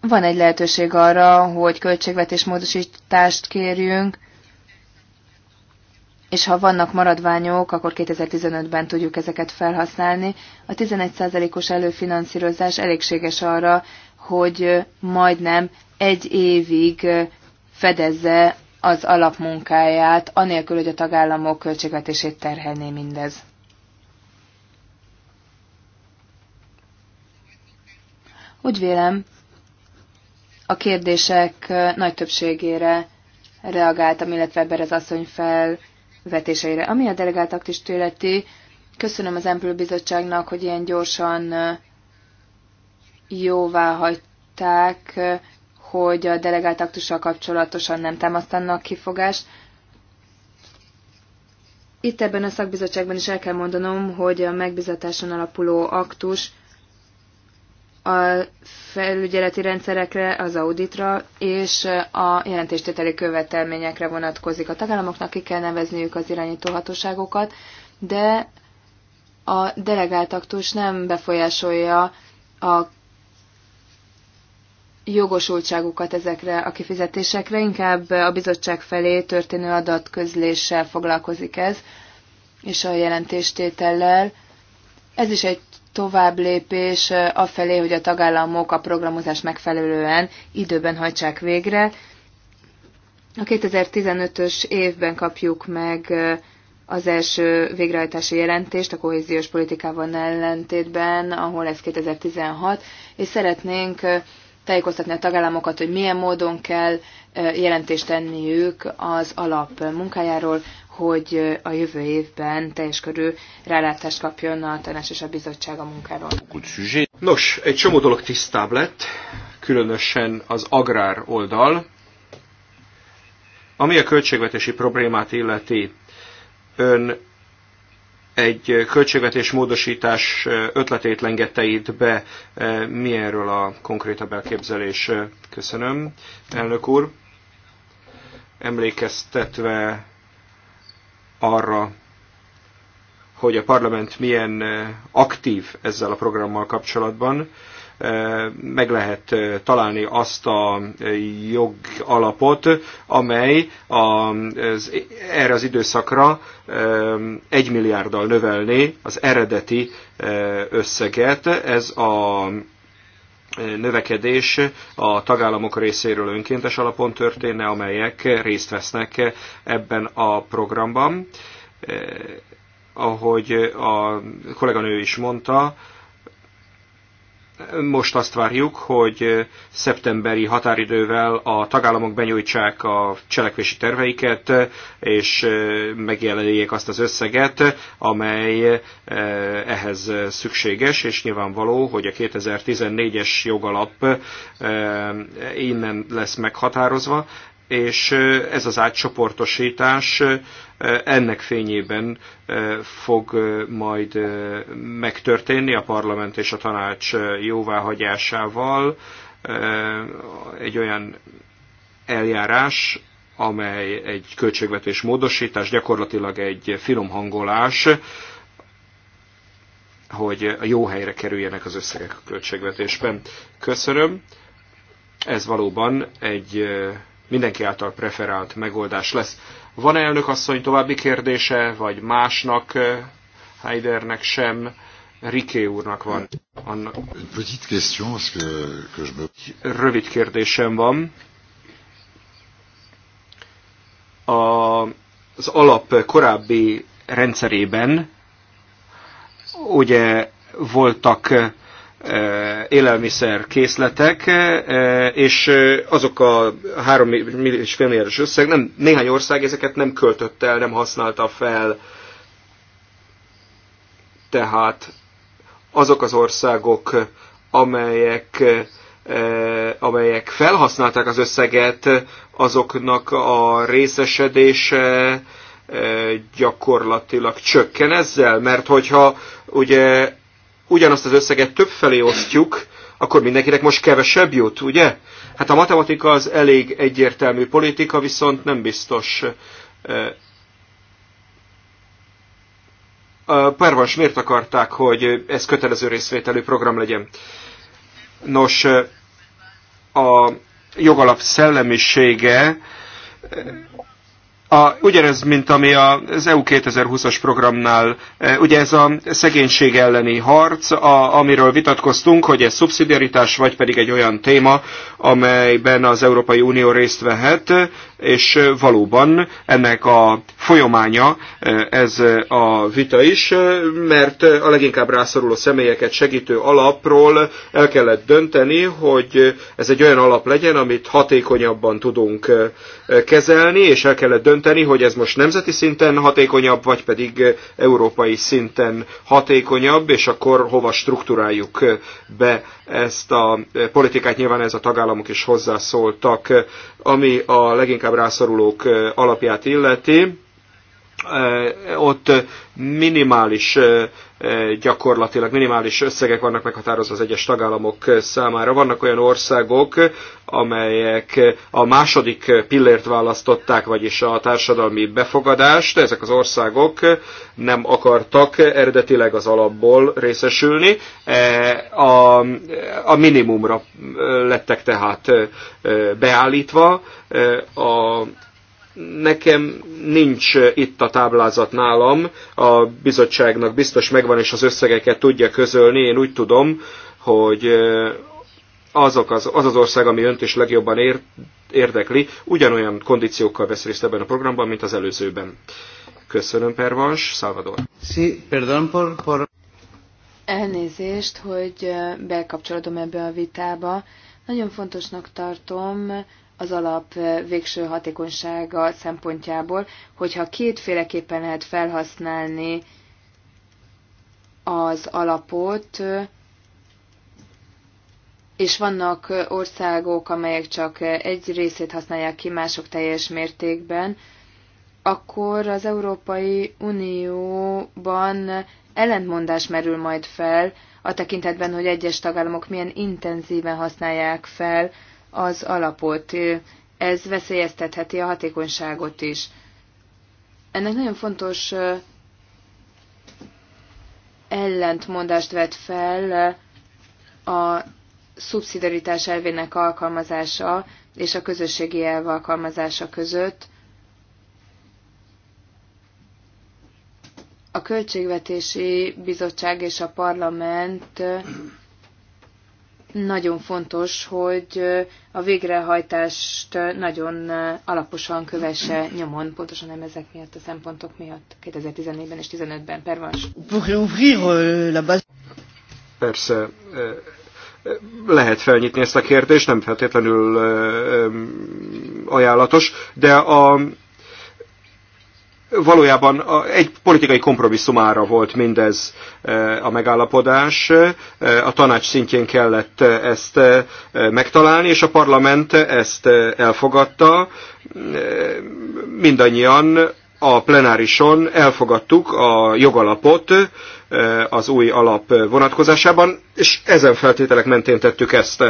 Van egy lehetőség arra, hogy költségvetés módosítást kérjünk, és ha vannak maradványok, akkor 2015-ben tudjuk ezeket felhasználni. A 11%-os előfinanszírozás elégséges arra, hogy majdnem egy évig fedezze az alapmunkáját, anélkül, hogy a tagállamok költségvetését terhelné mindez. Úgy vélem, a kérdések nagy többségére reagáltam, illetve ebben az asszony felvetéseire. Ami a delegált aktist illeti, köszönöm az Emplő Bizottságnak, hogy ilyen gyorsan jóvá hagyták hogy a delegált aktussal kapcsolatosan nem támasztanak kifogást. Itt ebben a szakbizottságban is el kell mondanom, hogy a megbizatáson alapuló aktus a felügyeleti rendszerekre, az auditra és a jelentéstételi követelményekre vonatkozik. A tagállamoknak ki kell nevezniük az irányító hatóságokat, de a delegált aktus nem befolyásolja a jogosultságukat ezekre a kifizetésekre, inkább a bizottság felé történő adatközléssel foglalkozik ez, és a jelentéstétellel. Ez is egy tovább lépés afelé, hogy a tagállamok a programozás megfelelően időben hajtsák végre. A 2015-ös évben kapjuk meg az első végrehajtási jelentést a kohéziós politikával ellentétben, ahol ez 2016, és szeretnénk tájékoztatni a tagállamokat, hogy milyen módon kell jelentést tenniük az alap munkájáról, hogy a jövő évben teljes körű rálátást kapjon a tanács és a bizottság a munkáról. Nos, egy csomó dolog tisztább lett, különösen az agrár oldal. Ami a költségvetési problémát illeti, ön egy költségvetés módosítás ötletét lengette itt be. Mi erről a konkrétabb elképzelés? Köszönöm, elnök úr. Emlékeztetve arra, hogy a parlament milyen aktív ezzel a programmal kapcsolatban, meg lehet találni azt a jogalapot, amely az, erre az időszakra egy milliárddal növelni az eredeti összeget. Ez a növekedés a tagállamok részéről önkéntes alapon történne, amelyek részt vesznek ebben a programban. Ahogy a kolléganő is mondta, most azt várjuk, hogy szeptemberi határidővel a tagállamok benyújtsák a cselekvési terveiket, és megjelenjék azt az összeget, amely eh, ehhez szükséges, és nyilvánvaló, hogy a 2014-es jogalap eh, innen lesz meghatározva, és ez az átcsoportosítás ennek fényében fog majd megtörténni a parlament és a tanács jóváhagyásával egy olyan eljárás, amely egy költségvetés módosítás, gyakorlatilag egy finom hangolás, hogy a jó helyre kerüljenek az összegek a költségvetésben. Köszönöm. Ez valóban egy mindenki által preferált megoldás lesz. Van-e elnök asszony további kérdése, vagy másnak, eh, Heidernek sem? Riké úrnak van. Annak. Rövid kérdésem van. A, az alap korábbi rendszerében ugye voltak eh, Eh, élelmiszer készletek, eh, és eh, azok a három, és fél milliárdos összeg, nem, néhány ország ezeket nem költött el, nem használta fel. Tehát azok az országok, amelyek amelyek felhasználták az összeget, azoknak a részesedése gyakorlatilag csökken ezzel, mert hogyha ugye ugyanazt az összeget felé osztjuk, akkor mindenkinek most kevesebb jut, ugye? Hát a matematika az elég egyértelmű politika, viszont nem biztos. Pervans, miért akarták, hogy ez kötelező részvételű program legyen? Nos, a jogalap szellemisége a, ugyanez, mint ami az EU 2020-as programnál, e, ugye ez a szegénység elleni harc, a, amiről vitatkoztunk, hogy ez szubszidiaritás, vagy pedig egy olyan téma, amelyben az Európai Unió részt vehet, és valóban ennek a folyamánya e, ez a vita is, e, mert a leginkább rászoruló személyeket segítő alapról el kellett dönteni, hogy ez egy olyan alap legyen, amit hatékonyabban tudunk kezelni, és el kellett dönteni, eldönteni, hogy ez most nemzeti szinten hatékonyabb, vagy pedig eh, európai szinten hatékonyabb, és akkor hova struktúráljuk eh, be ezt a eh, politikát. Nyilván ez a tagállamok is hozzászóltak, ami a leginkább rászorulók alapját illeti ott minimális gyakorlatilag minimális összegek vannak meghatározva az egyes tagállamok számára. Vannak olyan országok, amelyek a második pillért választották, vagyis a társadalmi befogadást. Ezek az országok nem akartak eredetileg az alapból részesülni. E, a, a minimumra lettek tehát beállítva. A Nekem nincs itt a táblázat nálam, a bizottságnak biztos megvan, és az összegeket tudja közölni. Én úgy tudom, hogy azok az, az az ország, ami önt is legjobban ér, érdekli, ugyanolyan kondíciókkal vesz részt ebben a programban, mint az előzőben. Köszönöm, Pervans. Salvador. Sí, perdón por, por... Elnézést, hogy bekapcsolódom ebbe a vitába. Nagyon fontosnak tartom az alap végső hatékonysága szempontjából, hogyha kétféleképpen lehet felhasználni az alapot, és vannak országok, amelyek csak egy részét használják ki, mások teljes mértékben, akkor az Európai Unióban ellentmondás merül majd fel, a tekintetben, hogy egyes tagállamok milyen intenzíven használják fel az alapot. Ez veszélyeztetheti a hatékonyságot is. Ennek nagyon fontos ellentmondást vet fel a szubszidaritás elvének alkalmazása és a közösségi elv alkalmazása között. A Költségvetési Bizottság és a Parlament nagyon fontos, hogy a végrehajtást nagyon alaposan kövesse nyomon, pontosan nem ezek miatt a szempontok miatt 2014-ben és 2015-ben. Pervas. Euh, Persze, lehet felnyitni ezt a kérdést, nem feltétlenül ajánlatos, de a valójában egy politikai kompromisszumára volt mindez e, a megállapodás. E, a tanács szintjén kellett ezt e, megtalálni, és a parlament ezt elfogadta. Mindannyian a plenárison elfogadtuk a jogalapot az új alap vonatkozásában, és ezen feltételek mentén tettük ezt.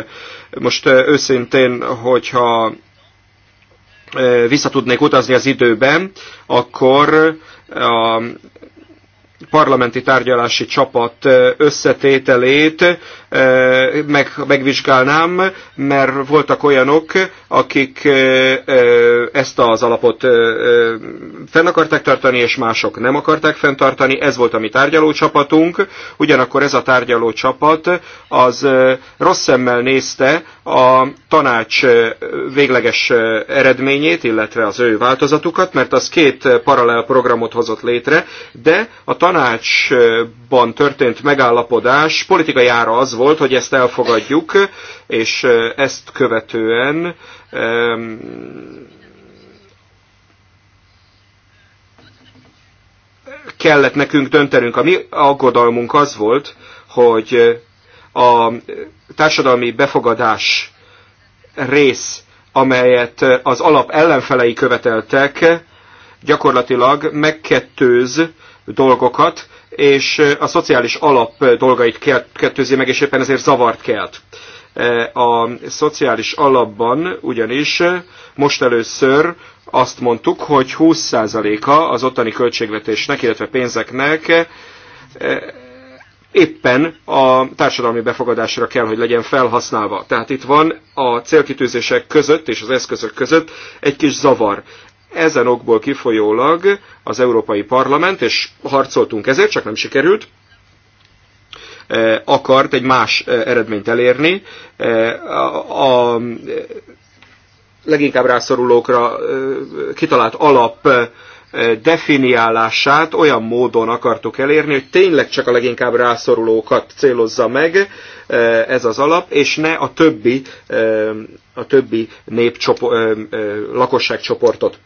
Most őszintén, hogyha visszatudnék utazni az időben, akkor a parlamenti tárgyalási csapat összetételét meg, megvizsgálnám, mert voltak olyanok, akik ezt az alapot fenn akarták tartani, és mások nem akarták fenntartani. Ez volt a mi tárgyalócsapatunk. Ugyanakkor ez a tárgyalócsapat az rossz szemmel nézte a tanács végleges eredményét, illetve az ő változatukat, mert az két paralel programot hozott létre, de a tanácsban történt megállapodás politikai ára az volt, hogy ezt elfogadjuk, és ezt követően kellett nekünk döntenünk. A mi aggodalmunk az volt, hogy a társadalmi befogadás rész, amelyet az alap ellenfelei követeltek, gyakorlatilag megkettőz dolgokat, és a szociális alap dolgait kettőzi meg, és éppen ezért zavart kelt. A szociális alapban ugyanis most először azt mondtuk, hogy 20%-a az ottani költségvetésnek, illetve pénzeknek éppen a társadalmi befogadásra kell, hogy legyen felhasználva. Tehát itt van a célkitűzések között és az eszközök között egy kis zavar. Ezen okból kifolyólag az Európai Parlament, és harcoltunk ezért, csak nem sikerült, eh, akart egy más eh, eredményt elérni. Eh, a leginkább rászorulókra kitalált alap definiálását olyan módon akartuk elérni, hogy tényleg csak a leginkább rászorulókat célozza meg ez az alap, és ne a többi, a többi népcsopor, lakosságcsoportot.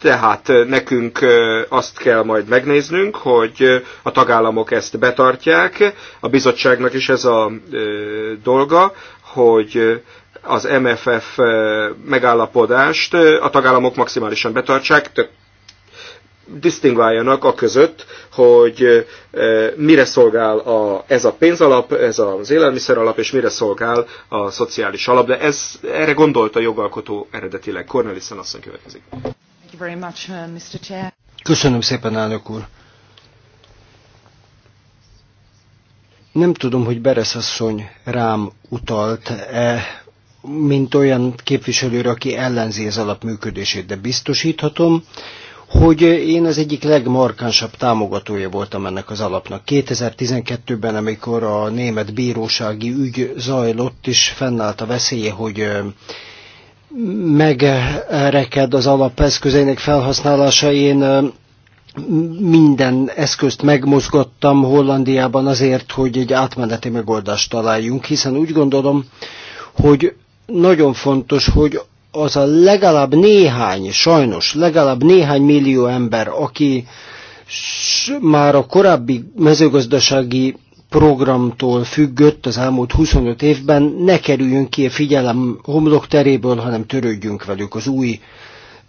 Tehát nekünk azt kell majd megnéznünk, hogy a tagállamok ezt betartják, a bizottságnak is ez a dolga, hogy az MFF megállapodást a tagállamok maximálisan betartsák, tök disztingváljanak a között, hogy mire szolgál a, ez a pénzalap, ez az élelmiszeralap, és mire szolgál a szociális alap. De ez, erre gondolt a jogalkotó eredetileg. Cornelissen asszony következik. Uh, Köszönöm szépen, elnök úr. Nem tudom, hogy Beresz asszony rám utalt-e, mint olyan képviselőre, aki ellenzi az alapműködését, de biztosíthatom, hogy én az egyik legmarkánsabb támogatója voltam ennek az alapnak. 2012-ben, amikor a német bírósági ügy zajlott, és fennállt a veszélye, hogy megreked az alap eszközeinek felhasználása, én minden eszközt megmozgattam Hollandiában azért, hogy egy átmeneti megoldást találjunk, hiszen úgy gondolom, hogy nagyon fontos, hogy az a legalább néhány, sajnos legalább néhány millió ember, aki már a korábbi mezőgazdasági programtól függött az elmúlt 25 évben, ne kerüljön ki a figyelem homlok teréből, hanem törődjünk velük az új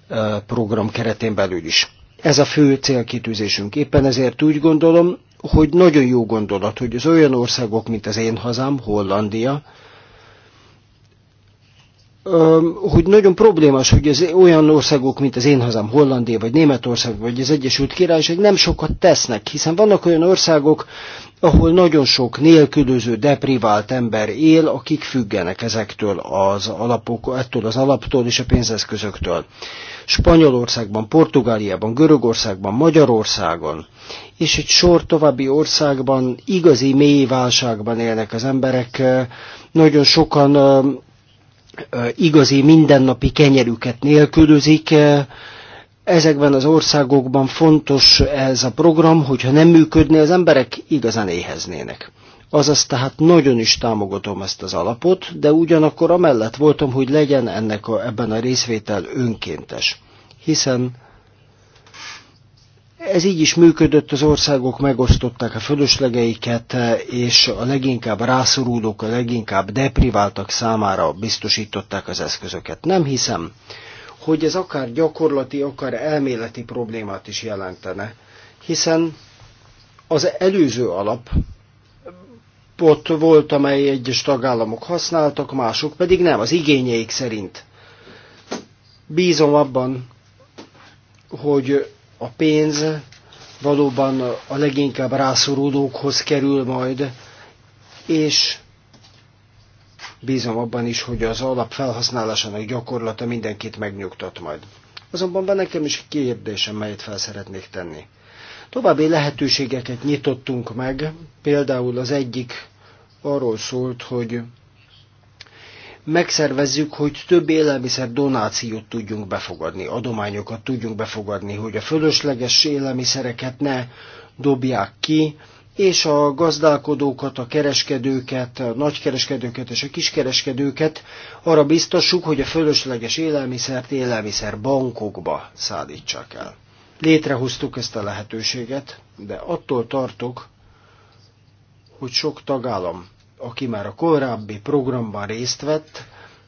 eh, program keretén belül is. Ez a fő célkitűzésünk. Éppen ezért úgy gondolom, hogy nagyon jó gondolat, hogy az olyan országok, mint az én hazám, Hollandia, hogy nagyon problémás, hogy az olyan országok, mint az én hazám, Hollandia, vagy Németország, vagy az Egyesült Királyság nem sokat tesznek, hiszen vannak olyan országok, ahol nagyon sok nélkülöző, deprivált ember él, akik függenek ezektől az alapok, ettől az alaptól és a pénzeszközöktől. Spanyolországban, Portugáliában, Görögországban, Magyarországon és egy sor további országban igazi mély válságban élnek az emberek. Nagyon sokan igazi mindennapi kenyerüket nélkülözik, ezekben az országokban fontos ez a program, hogyha nem működne, az emberek igazán éheznének. Azaz tehát nagyon is támogatom ezt az alapot, de ugyanakkor amellett voltam, hogy legyen ennek a, ebben a részvétel önkéntes. Hiszen ez így is működött, az országok megosztották a fölöslegeiket, és a leginkább rászorulók, a leginkább depriváltak számára biztosították az eszközöket. Nem hiszem, hogy ez akár gyakorlati, akár elméleti problémát is jelentene, hiszen az előző alap ott volt, amely egyes tagállamok használtak, mások pedig nem, az igényeik szerint. Bízom abban, hogy a pénz valóban a leginkább rászorulókhoz kerül majd, és Bízom abban is, hogy az alap felhasználásának gyakorlata mindenkit megnyugtat majd. Azonban van nekem is kérdésem, melyet fel szeretnék tenni. További lehetőségeket nyitottunk meg, például az egyik arról szólt, hogy megszervezzük, hogy több élelmiszer donációt tudjunk befogadni, adományokat tudjunk befogadni, hogy a fölösleges élelmiszereket ne dobják ki, és a gazdálkodókat, a kereskedőket, a nagykereskedőket és a kiskereskedőket arra biztosuk, hogy a fölösleges élelmiszert élelmiszer bankokba szállítsák el. Létrehoztuk ezt a lehetőséget, de attól tartok, hogy sok tagállam, aki már a korábbi programban részt vett,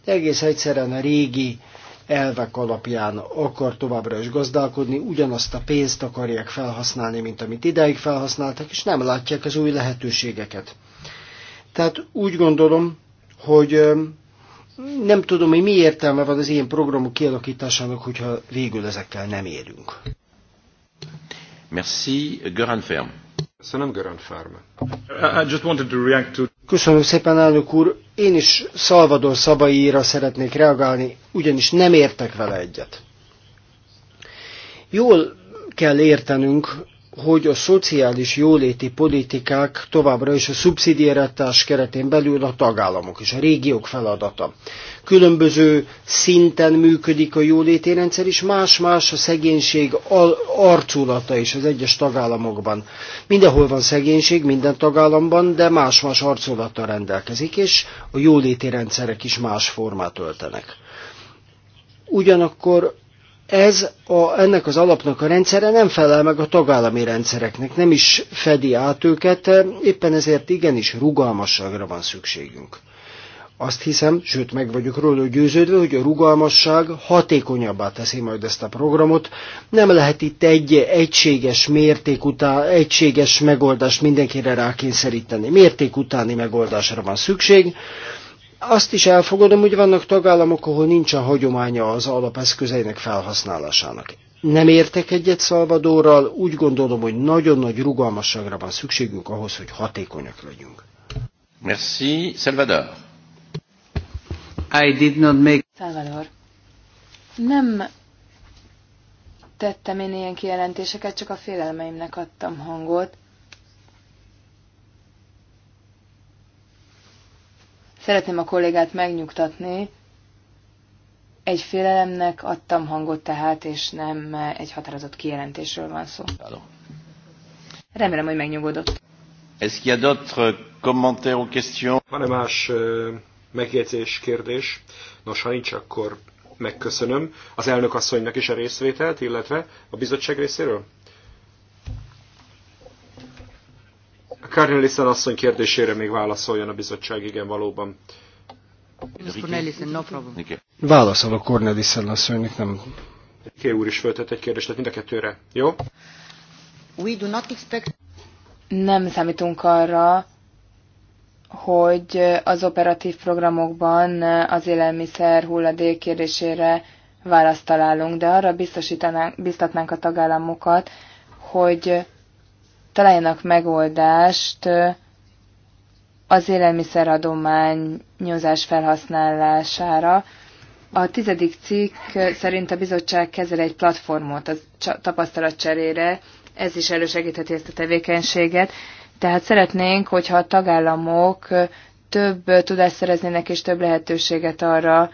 egész egyszerűen a régi elvek alapján akar továbbra is gazdálkodni, ugyanazt a pénzt akarják felhasználni, mint amit idáig felhasználtak, és nem látják az új lehetőségeket. Tehát úgy gondolom, hogy nem tudom, hogy mi értelme van az ilyen programok kialakításának, hogyha végül ezekkel nem érünk. Merci, Göran Ferm. Köszönöm, Göran Ferm. I just wanted to react to Köszönöm szépen, elnök úr. Én is Salvador szabaiira szeretnék reagálni, ugyanis nem értek vele egyet. Jól kell értenünk hogy a szociális jóléti politikák továbbra is a szubszidiaritás keretén belül a tagállamok és a régiók feladata. Különböző szinten működik a jóléti rendszer, és más-más a szegénység arculata is az egyes tagállamokban. Mindenhol van szegénység, minden tagállamban, de más-más arculata rendelkezik, és a jóléti rendszerek is más formát öltenek. Ugyanakkor ez a, ennek az alapnak a rendszere nem felel meg a tagállami rendszereknek, nem is fedi át őket, éppen ezért igenis rugalmasságra van szükségünk. Azt hiszem, sőt meg vagyok róla győződve, hogy a rugalmasság hatékonyabbá teszi majd ezt a programot. Nem lehet itt egy egységes mérték után, egységes megoldást mindenkire rákényszeríteni. Mérték utáni megoldásra van szükség, azt is elfogadom, hogy vannak tagállamok, ahol nincsen hagyománya az alapeszközeinek felhasználásának. Nem értek egyet Szalvadorral, úgy gondolom, hogy nagyon nagy rugalmasságra van szükségünk ahhoz, hogy hatékonyak legyünk. Merci, Salvador. I did not make... Salvador. Nem tettem én ilyen kijelentéseket, csak a félelmeimnek adtam hangot. Szeretném a kollégát megnyugtatni, egy félelemnek adtam hangot tehát, és nem egy határozott kijelentésről van szó. Remélem, hogy megnyugodott. a Van-e más megjegyzés, kérdés? Nos, ha nincs, akkor megköszönöm az elnök asszonynak is a részvételt, illetve a bizottság részéről. Cornelissen asszony kérdésére még válaszoljon a bizottság, igen, valóban. Válaszol a Cornelissen asszonynak, nem... Ké úr is föltett egy kérdést, tehát mind a kettőre, jó? We do not expect... Nem számítunk arra, hogy az operatív programokban az élelmiszer hulladék kérdésére választ találunk, de arra biztosítanánk, biztatnánk a tagállamokat, hogy találjanak megoldást az élelmiszeradományozás felhasználására. A tizedik cikk szerint a bizottság kezel egy platformot a tapasztalatcserére, ez is elősegítheti ezt a tevékenységet. Tehát szeretnénk, hogyha a tagállamok több tudást szereznének és több lehetőséget arra,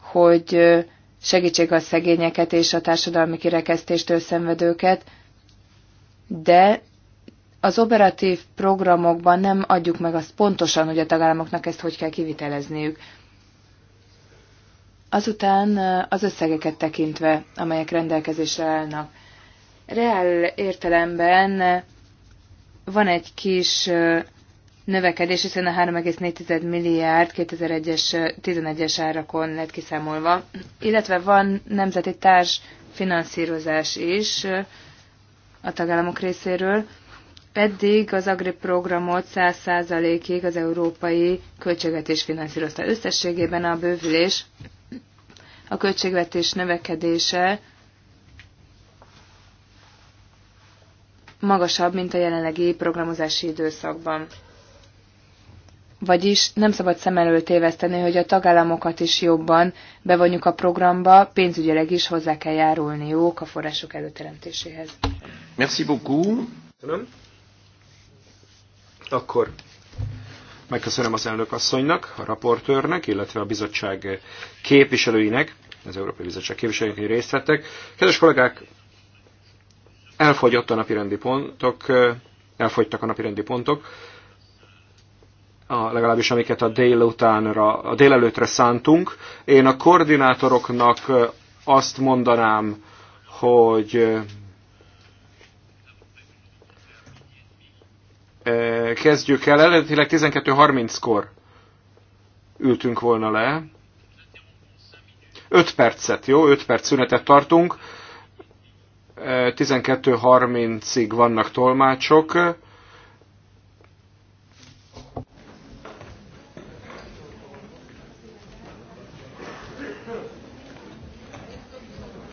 hogy segítsék a szegényeket és a társadalmi kirekesztéstől szenvedőket, de az operatív programokban nem adjuk meg azt pontosan, hogy a tagállamoknak ezt hogy kell kivitelezniük. Azután az összegeket tekintve, amelyek rendelkezésre állnak. Reál értelemben van egy kis növekedés, hiszen a 3,4 milliárd 2001-es, 11-es árakon lett kiszámolva, illetve van nemzeti társ finanszírozás is a tagállamok részéről, pedig az Agri programot 100%-ig az európai költségvetés finanszírozta. Összességében a bővülés, a költségvetés növekedése magasabb, mint a jelenlegi programozási időszakban. Vagyis nem szabad szem előtt téveszteni, hogy a tagállamokat is jobban bevonjuk a programba, pénzügyileg is hozzá kell járulniuk a források előteremtéséhez. Merci beaucoup. Köszönöm akkor megköszönöm az elnök asszonynak, a raportőrnek, illetve a bizottság képviselőinek, az Európai Bizottság képviselőinek, hogy részt vettek. Kedves kollégák, elfogyott a napirendi pontok, elfogytak a napirendi pontok, a, legalábbis amiket a délutánra, a délelőtre szántunk. Én a koordinátoroknak azt mondanám, hogy kezdjük el. Eredetileg 12.30-kor ültünk volna le. 5 percet, jó? 5 perc szünetet tartunk. 12.30-ig vannak tolmácsok.